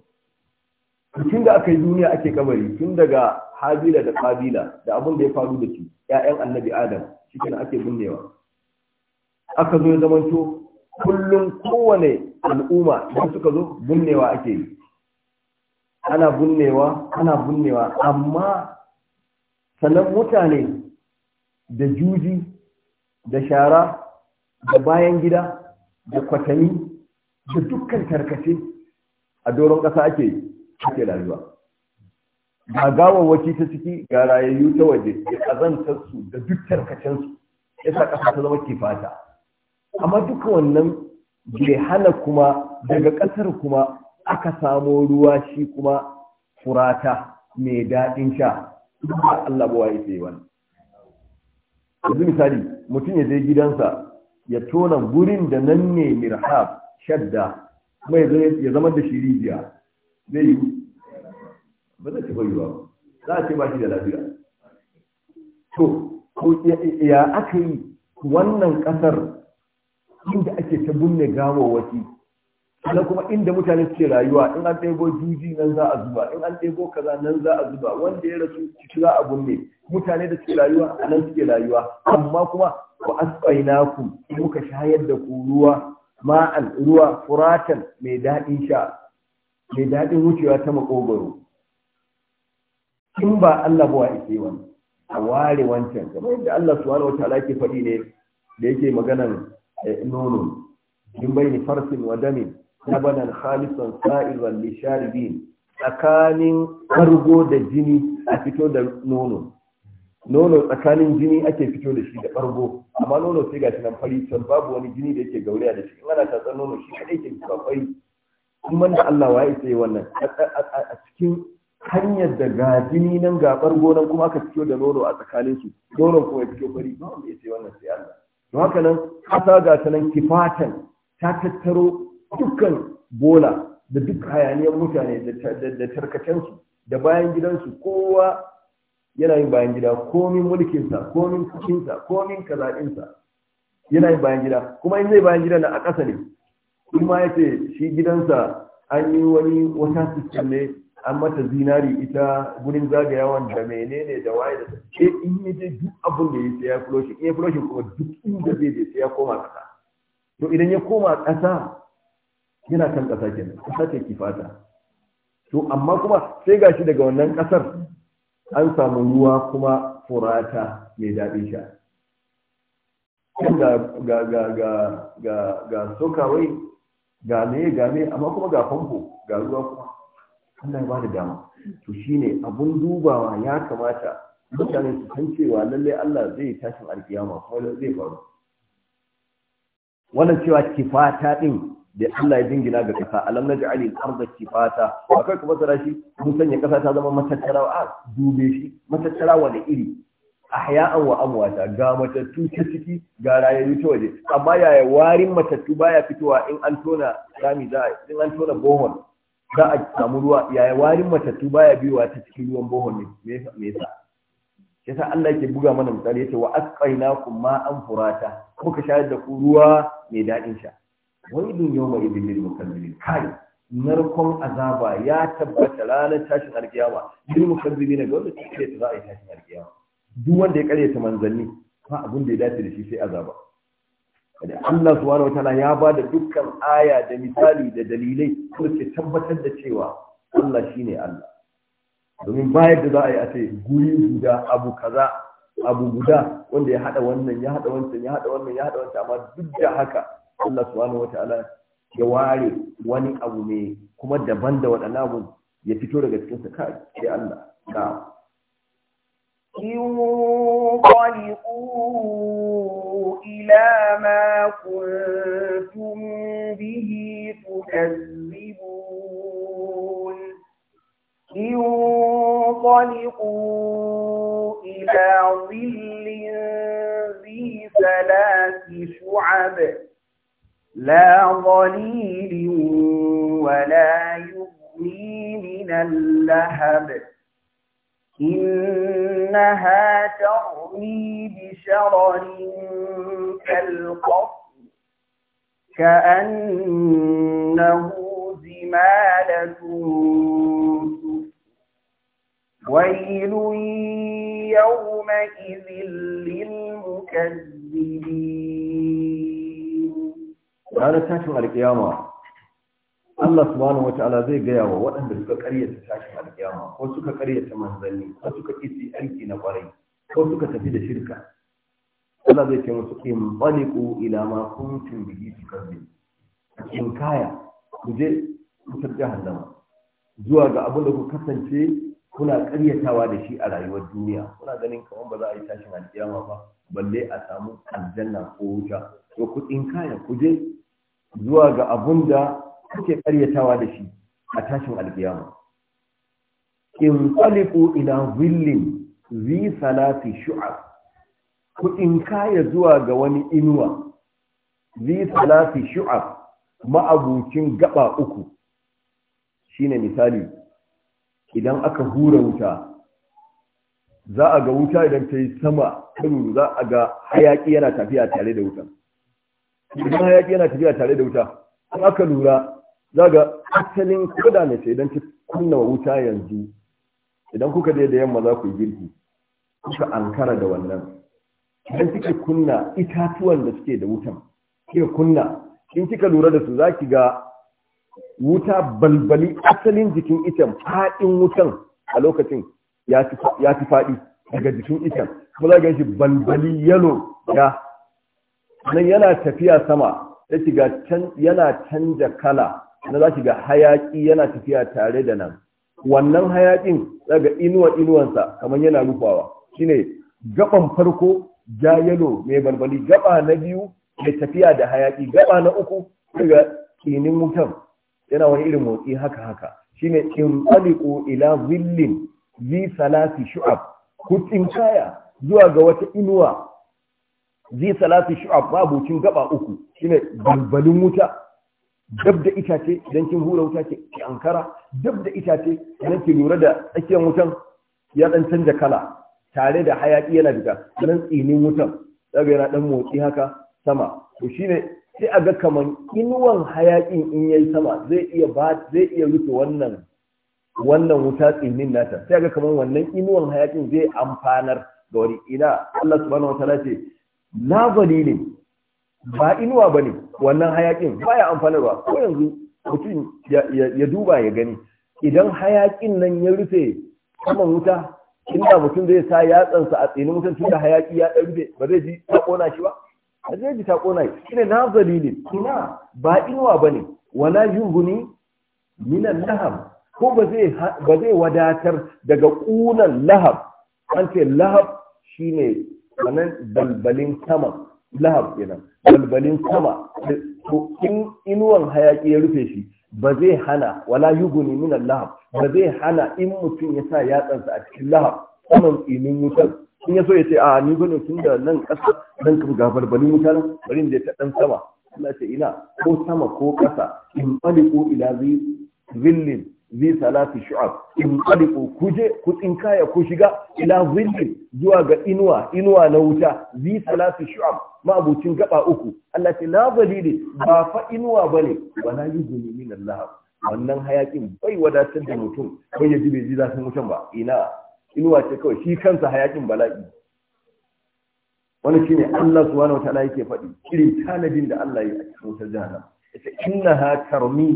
tun da aka yi duniya ake kabari tun daga habila da kabila da abun da ya faru da shi 'ya'yan annabi adam shi ake binnewa aka zo ya zamanto kullum kowane al'umma da suka zo binnewa ake yi ana binnewa ana binnewa amma sannan mutane da juji da shara da bayan gida da kwatami da dukkan tarkace a doron ƙasa ake ake rayuwa ga gawawwaci ta ciki ga rayayyu ta waje ya ƙazantar su da duk tarkacensu, su ya sa ƙasa ta zama kifata amma duka wannan bai hana kuma daga ƙasar kuma aka samo ruwa shi kuma furata mai daɗin sha ba Allah ba waye sai wani yanzu misali mutum ya je gidansa ya tona gurin da nan ne mirhab shadda kuma ya zama da shi zai yi ba zai ci yi ba za a ce ba shi da lafiya to ya aka yi wannan kasar inda ake ta binne gawawaki na kuma inda mutane suke rayuwa in an ɗebo juji nan za a zuba in an ɗebo kaza nan za a zuba wanda ya rasu ciki za a binne mutane da suke rayuwa a nan suke rayuwa amma kuma ku asqainakum muka shayar da ku ruwa ma'an ruwa furatan mai daɗin sha mai daɗin wucewa ta makogaro in ba Allah ba ake wani a ware wancan kamar yadda Allah subhanahu wataala yake faɗi ne da yake maganan eh, nono in bai ni farsin wa damin labanan khalisan sa'iran lisharibin tsakanin kargo da jini a fito da nono nono tsakanin jini ake fito da shi da ɓargo amma nono sai shi nan fari can babu wani jini da yake gauriya da shi in ana tatsar nono shi kaɗai ke fito fari kuma wanda Allah waye sai wannan a cikin hanyar da ga jini nan ga ɓargo nan kuma aka fito da nono a tsakanin su nono kuma ya fito fari ba wanda ya sai wannan sai Allah to haka nan ƙasa ga ta nan kifatan ta tattaro dukkan bola da duk hayaniyar mutane da tarkacensu da bayan gidansu kowa yana yin bayan gida komin mulkinsa komin cikinsa komin kazaɗinsa yana yin bayan gida kuma in zai bayan gida na a ƙasa ne in ma ya ce shi gidansa an yi wani wata sistem ne an mata zinari ita gurin zagayawan da menene da waye da ke in yi je duk abin da ya sai ya fulo in ya fulo kuma duk inda zai je sai ya koma ƙasa to idan ya koma ƙasa yana kan ƙasa kenan ƙasa ce kifata to amma kuma sai gashi daga wannan ƙasar an samu ruwa kuma furata mai daɗi sha ga ga ga ga ga ga sokawai ga ne ga ne amma kuma ga famfo ga ruwa kuma Allah ya bada dama to shine abun dubawa ya kamata mutane su san cewa lalle Allah zai tashin alkiyama kuma zai faru wannan cewa kifata ɗin. da Allah ya jingina ga kasa alam na ja'ali al-ardha kifata ba kai kuma masara shi mun sanya kasa ta zama matattara a dube shi matattara wa da iri ahya'an wa amwata ga matattu ta ciki ga rayayyu ta waje amma yaya warin matattu baya fitowa in an tona rami za in an tona bohon za a samu ruwa yaya warin matattu baya biyowa ta cikin ruwan bohon ne me yasa yasa Allah yake buga mana misali yace wa asqainakum ma'an furata ka shayar da ku ruwa mai daɗin sha yau mai idin lil mukazzibin kai narkon azaba ya tabbata ranar tashin alkiyama lil mukazzibin ga wanda take da za a yi tashin alkiyama duk wanda ya karyata manzanni ba abin da ya dace da shi sai azaba da Allah subhanahu wataala ya ba da dukkan aya da misali da dalilai kuma ke tabbatar da cewa Allah shine Allah domin bayar da za a yi a ce guri guda abu kaza abu guda wanda ya hada wannan ya hada wancan ya hada wannan ya hada wancan amma duk da haka Allah subhanahu wataala ya ware wani abu ne kuma daban da waɗannan abun ya fito daga cikin sa kai sai Allah ga انطلقوا إلى ما كنتم به تكذبون انطلقوا إلى ظل ذي ثلاث شعب لا ظليل ولا يغني من اللهب إنها ترمي بشرر كالقصر كأنه زمالة ويل يومئذ للمكذبين ranar tashin alkiyama Allah subhanahu wata'ala zai gaya wa waɗanda suka karyata tashin alkiyama ko suka karyata manzanni ko suka kisi aiki na ƙwarai, ko suka tafi da shirka Allah zai ce musu in baliku ila ma kuntum bihi tukazzibun in kaya ku je wutar jahannama zuwa ga abin da ku kasance kuna karyatawa da shi a rayuwar duniya kuna ganin kamar ba za a yi tashin alkiyama ba balle a samu aljanna ko wuta to ku in kaya ku je zuwa ga abun da kuke karyatawa da shi a tashin alkiyama in qaliqu ina willin zi salafi shu'ab ku in kaya zuwa ga wani inuwa zi salafi shu'ab ma'abucin gaba uku shine misali idan aka hura wuta za a ga wuta idan ta yi sama za a ga hayaki yana tafiya tare da wutan idan hayaki yana tafiya tare da wuta in aka lura za ga asalin koda sai idan ki kunna wuta yanzu idan kuka je da yamma za ku yi girki kuka ankara da wannan idan kika kunna itatuwan da suke da wutan kika kunna in kika lura da su za ki ga wuta balbali asalin jikin itan faɗin wutan a lokacin ya fi faɗi daga jikin itan kuma za ga shi balbali yalo ya nan yana tafiya sama ya shiga yana canja kala na za ga hayaƙi yana tafiya tare da nan wannan hayaƙin daga inuwa inuwansa kamar yana rufawa shine gaban farko ja yalo mai balbali gaba na biyu mai tafiya da hayaƙi, gaba na uku daga kinin wutan yana wani irin motsi haka haka shine in aliku ila zillin zi salasi shu'ab kutin kaya zuwa ga wata inuwa zai salatu shu'ab babucin gaba uku shine balbalin wuta dab da itace idan kin hura wuta ke ki ankara dab da itace idan ki lura da tsakiyar wutan ya dan canja kala tare da hayaki yana fita dan tsinin wutan daga yana dan motsi haka sama to shine sai a ga kaman inuwan hayakin in yayi sama zai iya ba zai iya rufe wannan wannan wuta tsinin nata sai a ga kaman wannan inuwan hayakin zai amfanar ga wani ina Allah subhanahu wataala ce nazari ne ba inuwa ba ne wannan hayakin baya amfanarwa ko yanzu mutum ya duba ya gani idan hayakin nan ya rufe saman wuta inda mutum zai sa yatsansa a tsinin mutum tun da hayaki ya rufe ba zai ji ta ƙona shi ba ba zai ji ta ƙona shi ne nazari ne ina ba inuwa ba ne wala ne minan lahab ko ba zai wadatar daga ƙunan lahab an ce lahab ne. wannan balbalin sama lahab kenan balbalin sama to in inuwan hayaki ya rufe shi ba zai hana wala yuguni min lahab ba zai hana in mutum ya sa yatsansa a cikin lahab saman inin wutar in ya so ya ce a ni gudun tun da nan ƙasa nan kan ga balbalin wutar bari in je ta ɗan sama Allah ce ina ko sama ko ƙasa in ko ila zillin Zai Salatu shu'ab in qaliqu kuje ku kaya ku shiga ila zilli zuwa ga inuwa inuwa na wuta zai Salatu shu'ab ma'abucin gaba uku Allah ce la zalili ba fa inuwa bane wala yuzuni min Allah wannan hayakin bai wadatar da mutum bai yaji bai ji zafin wutan ba ina inuwa ce kawai shi kansa hayakin bala'i wani shine Allah subhanahu wataala yake faɗi irin tanadin da Allah ya yi a cikin wutar jahannam yace tarmi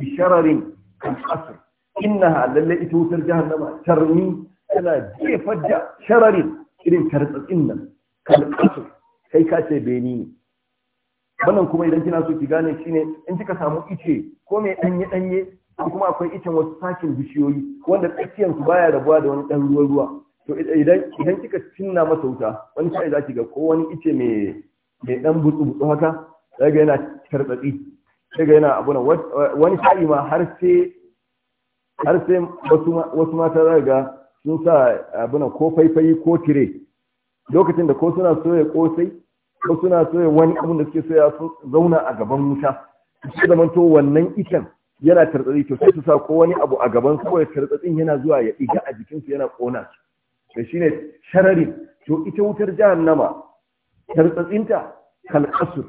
bi shararin kan asr Inna lalle ita wutar jahannama tarmi tana jefar da shararin irin tartsatsin nan kalkasu kai ka ce beni ne wannan kuma idan kina so ki gane shine in kika samu ice ko mai danye danye kuma akwai icen wasu sakin bishiyoyi wanda tsakiyar su baya rabuwa da wani dan ruwa ruwa to idan idan kika cinna masa wuta wani sai za ki ga ko wani ice mai mai dan butsu butsu haka daga yana tartsatsi daga yana abuna wani sa'i ma har sai har sai wasu mata za ga sun sa abuna ko faifayi ko tire lokacin da ko suna soya kosai ko suna soya wani abin da suke soya sun zauna a gaban wuta su zama to wannan itan yana tartsatsi to sai su sa ko wani abu a gaban su kawai tartsatsin yana zuwa ya ɗiga a jikinsu yana ƙona su da shine shararin to ita wutar jahannama tartsatsinta kalkasur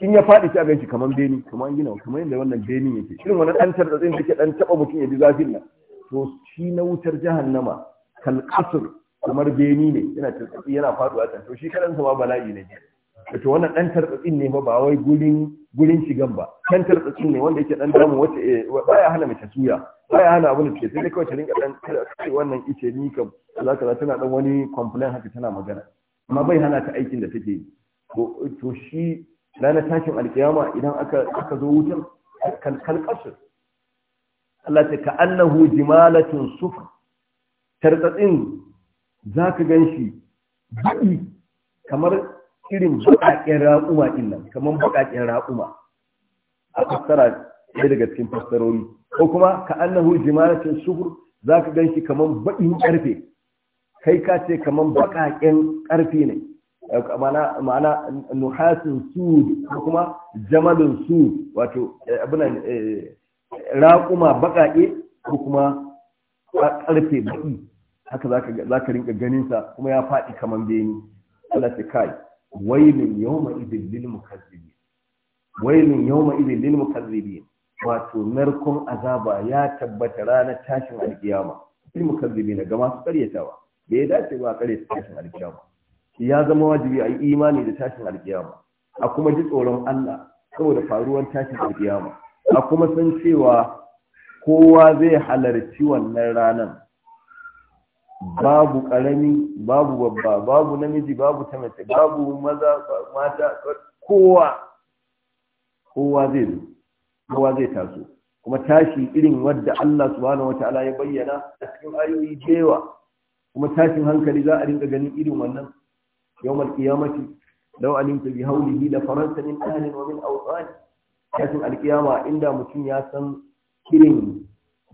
in ya faɗi shi a ganshi kamar beni kamar gina kamar yadda wannan benin yake irin wani ɗan tarɗaɗin da ke ɗan taɓa mutum ya ji zafin nan to shi na wutar jahannama kalkasur kamar beni ne yana tarɗaɗi yana faɗuwa can to shi kaɗansa ma bala'i ne to wannan ɗan tarɗaɗin ne ba wai gurin gurin shigan ba ɗan tarɗaɗin ne wanda yake ɗan damu wacce eh, baya hana mace suya baya hana abin da ke sai dai kawai ta rinka ɗan kai wannan ice ni kam za ka tana ɗan wani complain haka tana magana amma bai hana ta aikin da take yi to shi ranar tashin alkiyama idan aka zo wutan kalkalkashin Allah ta ka annahu jimalatin sufa tarkatsin za ka gan shi kamar irin baƙaƙen raƙuma nan kamar baƙaƙen raƙuma a fassara ɗaya daga cikin fassarori ko kuma ka annahu jimalatin sufa, za ka gan kamar baƙin ƙarfe kai ka ce kamar baƙaƙen ƙarfe ne ma'ana nuhasin su ko kuma jamalin su wato eh, abinan eh, raƙuma baƙaƙe ko kuma ƙarfe baƙi haka za ka rinka ganinsa kuma ya faɗi kamar beni Allah ta kai wailin yawma idin lil mukazzibin wailin yawma idin lil mukazzibin wato narkon azaba ya tabbata ranar tashin alkiyama lil mukazzibin ga masu karyatawa bai dace ba karyata tashin alkiyama ya zama wajibi a yi imani da tashin alkiyama a kuma ji tsoron Allah saboda faruwar tashin alkiyama a kuma san cewa kowa zai halarci wannan ranar babu karami babu babba babu namiji babu ta mace babu maza mata kowa kowa zai zo kowa zai taso kuma tashi irin wadda Allah subhanahu wataala ya bayyana a cikin ayoyi jewa kuma tashin hankali za a rinka ganin irin wannan يوم القيامة لو علمت بهوله لفرنت من أهل ومن أوطان لكن القيامة عند متين ياسم كرين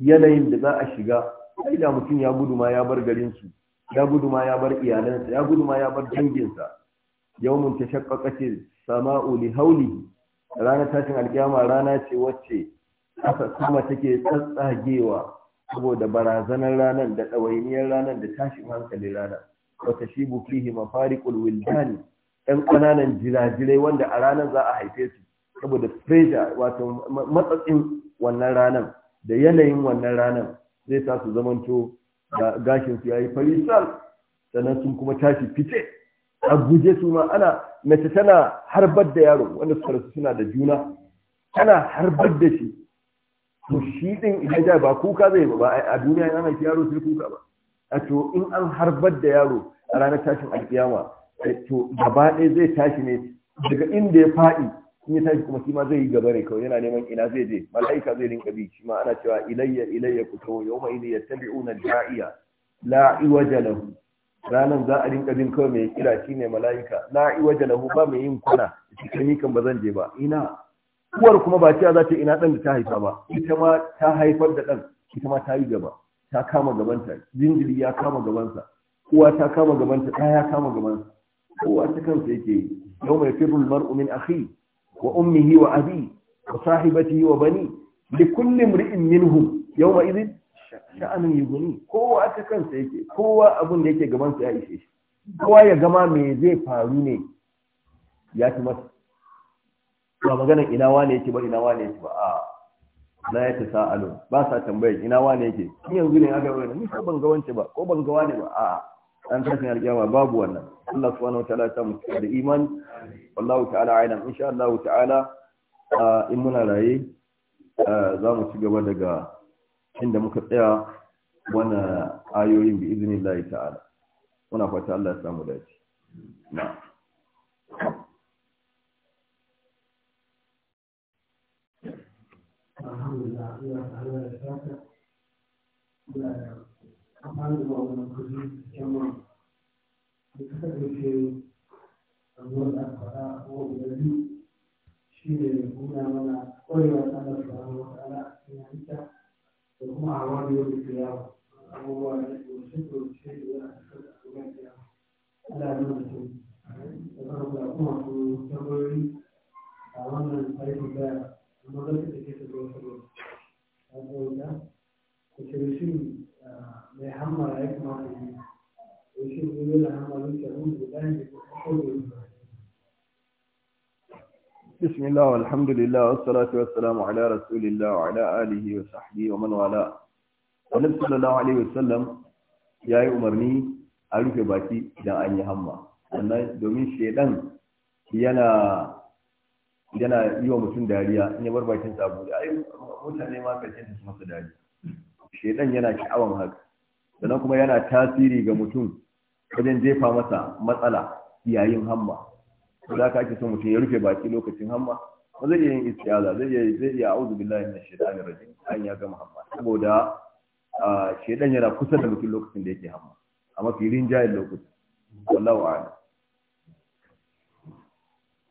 yanayin da za a shiga sai da mutum ya gudu ma ya bar garinsu ya gudu ma ya bar iyalansa ya gudu ma ya bar danginsa yawmun tashaqqaqa ce rana ce wacce take tsatsagewa saboda barazanar ranar da ɗawainiyar ranar da tashin hankalin ranar wa tashibu fihi mafariqul wildan ɗan ƙananan jirajirai wanda a ranar za a haife su saboda pressure wato matsatsin wannan ranar da yanayin wannan ranar zai sa su zamanto da gashin su yayi fari sal sannan sun kuma tashi fice a guje su ma ana mace tana harbar da yaro wanda suka rasu suna da juna tana harbar da shi to shi din idan ba kuka zai ba a duniya yana yaro sai kuka ba a to in an harbar da yaro a ranar tashin alkiyama to gaba ɗaya zai tashi ne daga inda ya faɗi in ya tashi kuma shi ma zai yi gaba ne kawai yana neman ina zai je mala'ika zai rinka bi shi ma ana cewa ilayya ilayya ku tawo yawma idhi yattabi'una da'iya la'i waje lahu ranar za a rinka bin kawai mai kira ne mala'ika la'i waje lahu ba mai yin kwana cikin ni ba zan je ba ina uwar kuma ba cewa za ta ina ɗan da ta haifa ba ita ma ta haifar da ɗan ita ma ta yi gaba ta kama gabanta jinjiri ya kama gabansa uwa ta kama gabanta ɗaya ya kama gabansa kowa ta kansa yake yau mai firul mar'u min akhi wa ummihi wa abi wa sahibatihi wa bani li kulli imri'in minhum yawma idhin sha'anin yughni kowa ta kansa yake kowa abin da yake gabansa ya ishe shi kowa ya gama me zai faru ne ya ci masa ba magana ina wane yake ba ina wane yake ba a la ya ta sa'alun ba sa tambayar ina wane yake in yanzu ne aka wani ni ban ga wance ba ko ban ga wane ba a'a an tashin alƙiyama babu wannan Allah subhanahu wa ta'ala ta mu da iman wallahu ta'ala aina insha Allah ta'ala ah, in muna raye ah, za mu ci gaba daga inda muka tsaya wannan ayoyin bi iznillahi ta'ala muna fata Allah ya samu dace na'am alhamdulillah Allah da a amma don ka take ta zuwa salo a tsawoda ku ce shi mai hammara ya kamata yi ko shi ne dole hammarin ta mun guda ne ko kodin بسم الله والحمد لله والصلاة والسلام على رسول الله وعلى آله وصحبه ومن والاه النبي صلى الله عليه وسلم يا أمرني a rufe baki idan an yi hamma sannan domin shedan yana yana yi wa mutum dariya in ya bar bakin sa buɗe ai mutane ma karshen su masa dariya shedan yana sha'awan haka sannan kuma yana tasiri ga mutum wajen jefa masa matsala yayin hamma ko ka ake so mutum ya rufe baki lokacin hamma Ko zai iya yin istiyaza zai iya zai iya a'udhu billahi minash shaitani rajim an ya gama hamma saboda shedan yana kusa da mutum lokacin da yake hamma a filin jahil lokaci wallahu a'lam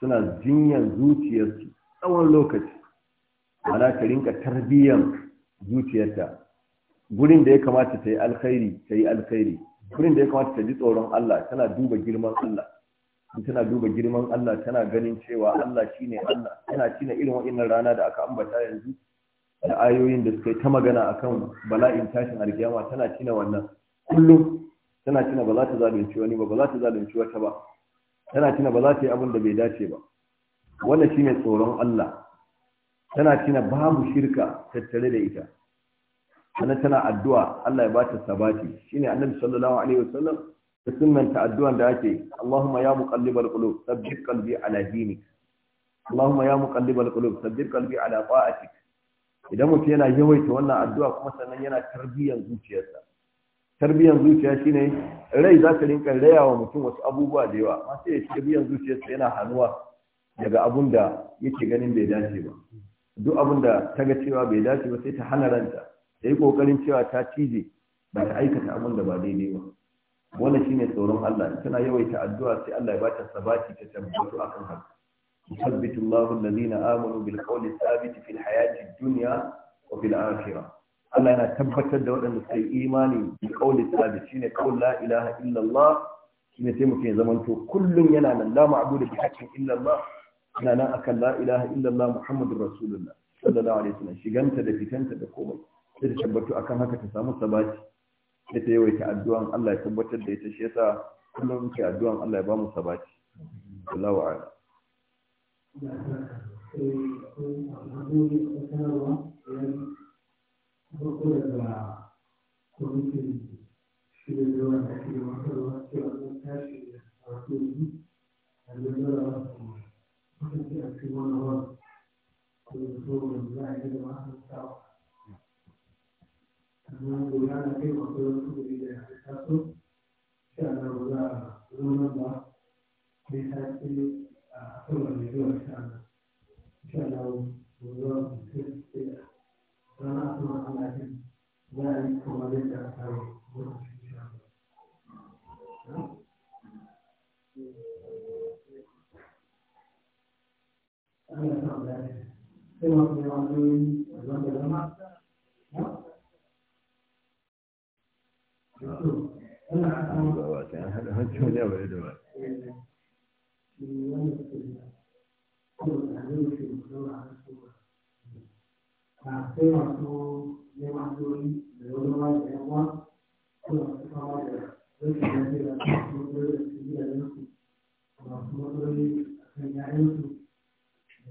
suna jinyar zuciyarsu tsawon lokaci ana ka rinka tarbiyyar zuciyarta gurin da ya kamata ta yi alkhairi ta yi alkhairi gurin da ya kamata ta ji tsoron Allah tana duba girman Allah tana duba girman Allah tana ganin cewa Allah shine Allah tana cina irin wa'innan rana da aka ambata yanzu da ayoyin da suka yi ta magana akan bala'in tashin alkiyama tana cina wannan kullum tana cina ba za ta zalunci wani ba ba za ta zalunci wata ba tana tuna ba za ta yi abin da bai dace ba shi ne tsoron Allah tana tuna babu shirka tattare da ita Ana tana addu'a Allah ya bata sabati shine annabi sallallahu alaihi wasallam da sunnanta addu'an da ake Allahumma ya muqallibal qulub thabbit qalbi ala dinik Allahumma ya muqallibal qulub thabbit qalbi ala ta'atik idan mutum yana yawaita wannan addu'a kuma sannan yana tarbiyyar zuciyarsa tarbiyyar zuciya shine rai za ka rinka raya wa mutum wasu abubuwa da yawa amma sai ya tarbiyyar zuciyarsa yana hannuwa daga abun da yake ganin bai dace ba duk abun da ta ga cewa bai dace ba sai ta hana ranta ta yi kokarin cewa ta cije ba ta aikata abun da ba daidai ba wannan shine tsoron Allah tana yawaita addu'a sai Allah ya bata sabati ta tabbatu akan haka يثبت amanu bil آمنوا بالقول fil hayati duniya الدنيا fil الآخرة Allah yana tabbatar da waɗanda suka yi imani da kauli shi ne kaul la ilaha illallah shine sai mutum ya zamanto kullum yana nan la ma'budu bi haqqin illallah yana nan akan la ilaha illallah muhammadur rasulullah sallallahu alaihi wasallam shiganta da fitanta da komai sai ta tabbatu akan haka ta samu sabati sai ta yawaita addu'an Allah ya tabbatar da ita shi yasa kullum ke addu'an Allah ya ba mu sabati Allah wa ala Thank you. dogora da commissione si vedeva che si rimarcava la sua testa a tutti e allora si attivava con il suo zaino di mano stava non volare che ma quello che vi è stato si era volato non va che tanti a quello che lo stanno si era volato don a ya kuma da zama eh, eh. Allah na sai masu neman dori da da yan uwa suna masu fama da rashin lafiya da su masu a kan yayansu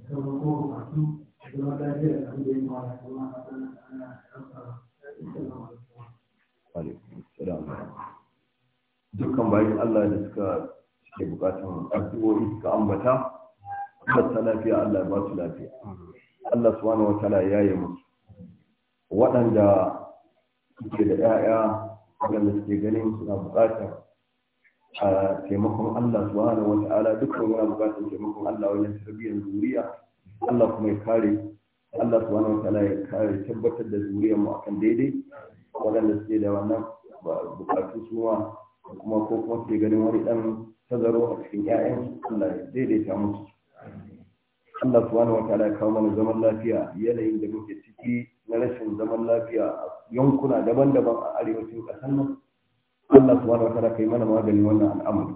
da masu ya a kan ana rasa dukkan bayan Allah da suka suke bukatan addu'o'i suka ambata, Allah ta lafiya Allah ya ba su lafiya. Allah subhanahu wataala ya yi musu waɗanda suke da 'ya'ya waɗanda suke ganin suna buƙatar a taimakon Allah subhanahu wata'ala dukkan muna buƙatar taimakon Allah wajen tarbiyyar zuriya Allah kuma ya kare Allah Wata wata'ala ya kare tabbatar da zuriyar mu akan daidai waɗanda suke da wannan buƙatu su ma kuma ko kuma suke ganin wani ɗan tazaro a cikin 'ya'yan Allah ya daidaita musu Allah subhanahu wa ta'ala ya kawo mana zaman lafiya yanayin da muke ciki na rashin zaman lafiya a yankuna daban-daban a arewacin ƙasar nan Allah subhanahu wa ta'ala kai mana maganin wannan al'amari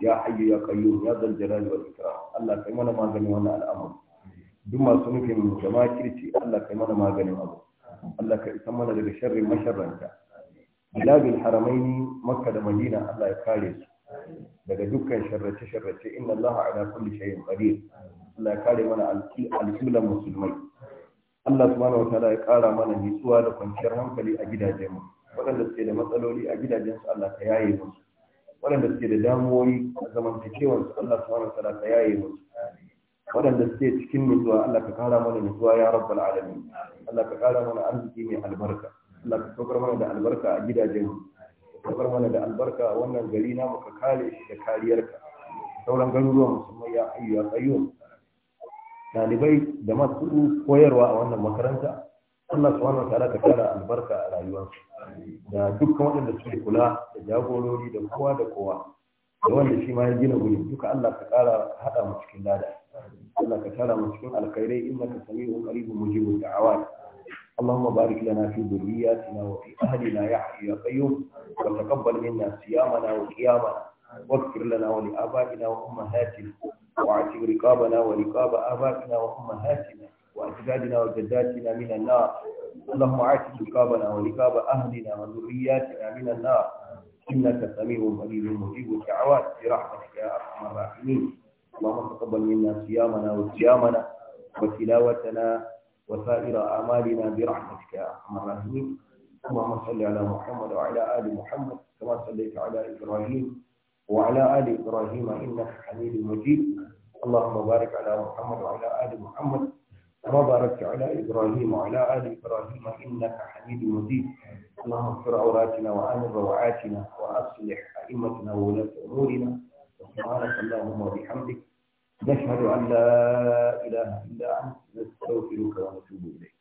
ya hayyu ya qayyum ya zal jalali wal ikram Allah kai mana maganin wannan al'amari duk masu nufin jama'a kirci, Allah kai mana maganin abu Allah ka isa mana daga sharrin masharranta bilabil haramaini makka da madina Allah ya kare su daga dukkan sharrace-sharrace inna Allah ala kulli shay'in qadir Allah ya kare mana alƙiblan musulmai Allah subhanahu wataala ya kara mana nutsuwa da kwanciyar hankali a gidajen mu waɗanda suke da matsaloli a gidajensu, Allah ka yaye musu waɗanda suke da damuwoyi a zamantakewar su Allah subhanahu wataala ka yaye musu waɗanda suke cikin nutsuwa Allah ka kara mana nutsuwa ya rabbal alamin Allah ka kara mana arziki mai albarka Allah ka saukar mana da albarka a gidajen mu saukar mana da albarka a wannan gari namu ka kare shi da kariyarka sauran garuruwan musulmai ya ayyu ya qayyum ɗalibai da masu koyarwa a wannan makaranta Allah wannan tara ka kara albarka a rayuwarsu da dukkan waɗanda suke kula da jagorori da kowa da kowa da wanda shi ma ya gina guri duka Allah ka kara haɗa mu cikin lada Allah ka tara mu cikin alkhairai ka samiu qaribu mujibu da'awat اللهم بارك لنا في ذرياتنا وفي أهلنا يا حي يا قيوم وتقبل منا صيامنا وقيامنا واغفر لنا ولآبائنا وأمهاتنا وعتق رقابنا ورقاب آبائنا وأمهاتنا وأجدادنا وجداتنا من النار اللهم عاتق رقابنا ورقاب أهلنا وذرياتنا من النار إنك سميع قريب مجيب الدعوات برحمتك يا أرحم الراحمين اللهم تقبل منا صيامنا وصيامنا وتلاوتنا وسائر أعمالنا برحمتك يا أرحم الراحمين اللهم صل على محمد وعلى آل محمد كما صليت على إبراهيم وعلى آل إبراهيم إنك حميد مجيد اللهم بارك على محمد وعلى آل محمد كما باركت على إبراهيم وعلى آل إبراهيم إنك حميد مجيد اللهم اغفر عوراتنا وآمن روعاتنا وأصلح أئمتنا وولاة أمورنا سبحانك اللهم وبحمدك نشهد أن لا إله إلا أنت نستغفرك ونتوب إليك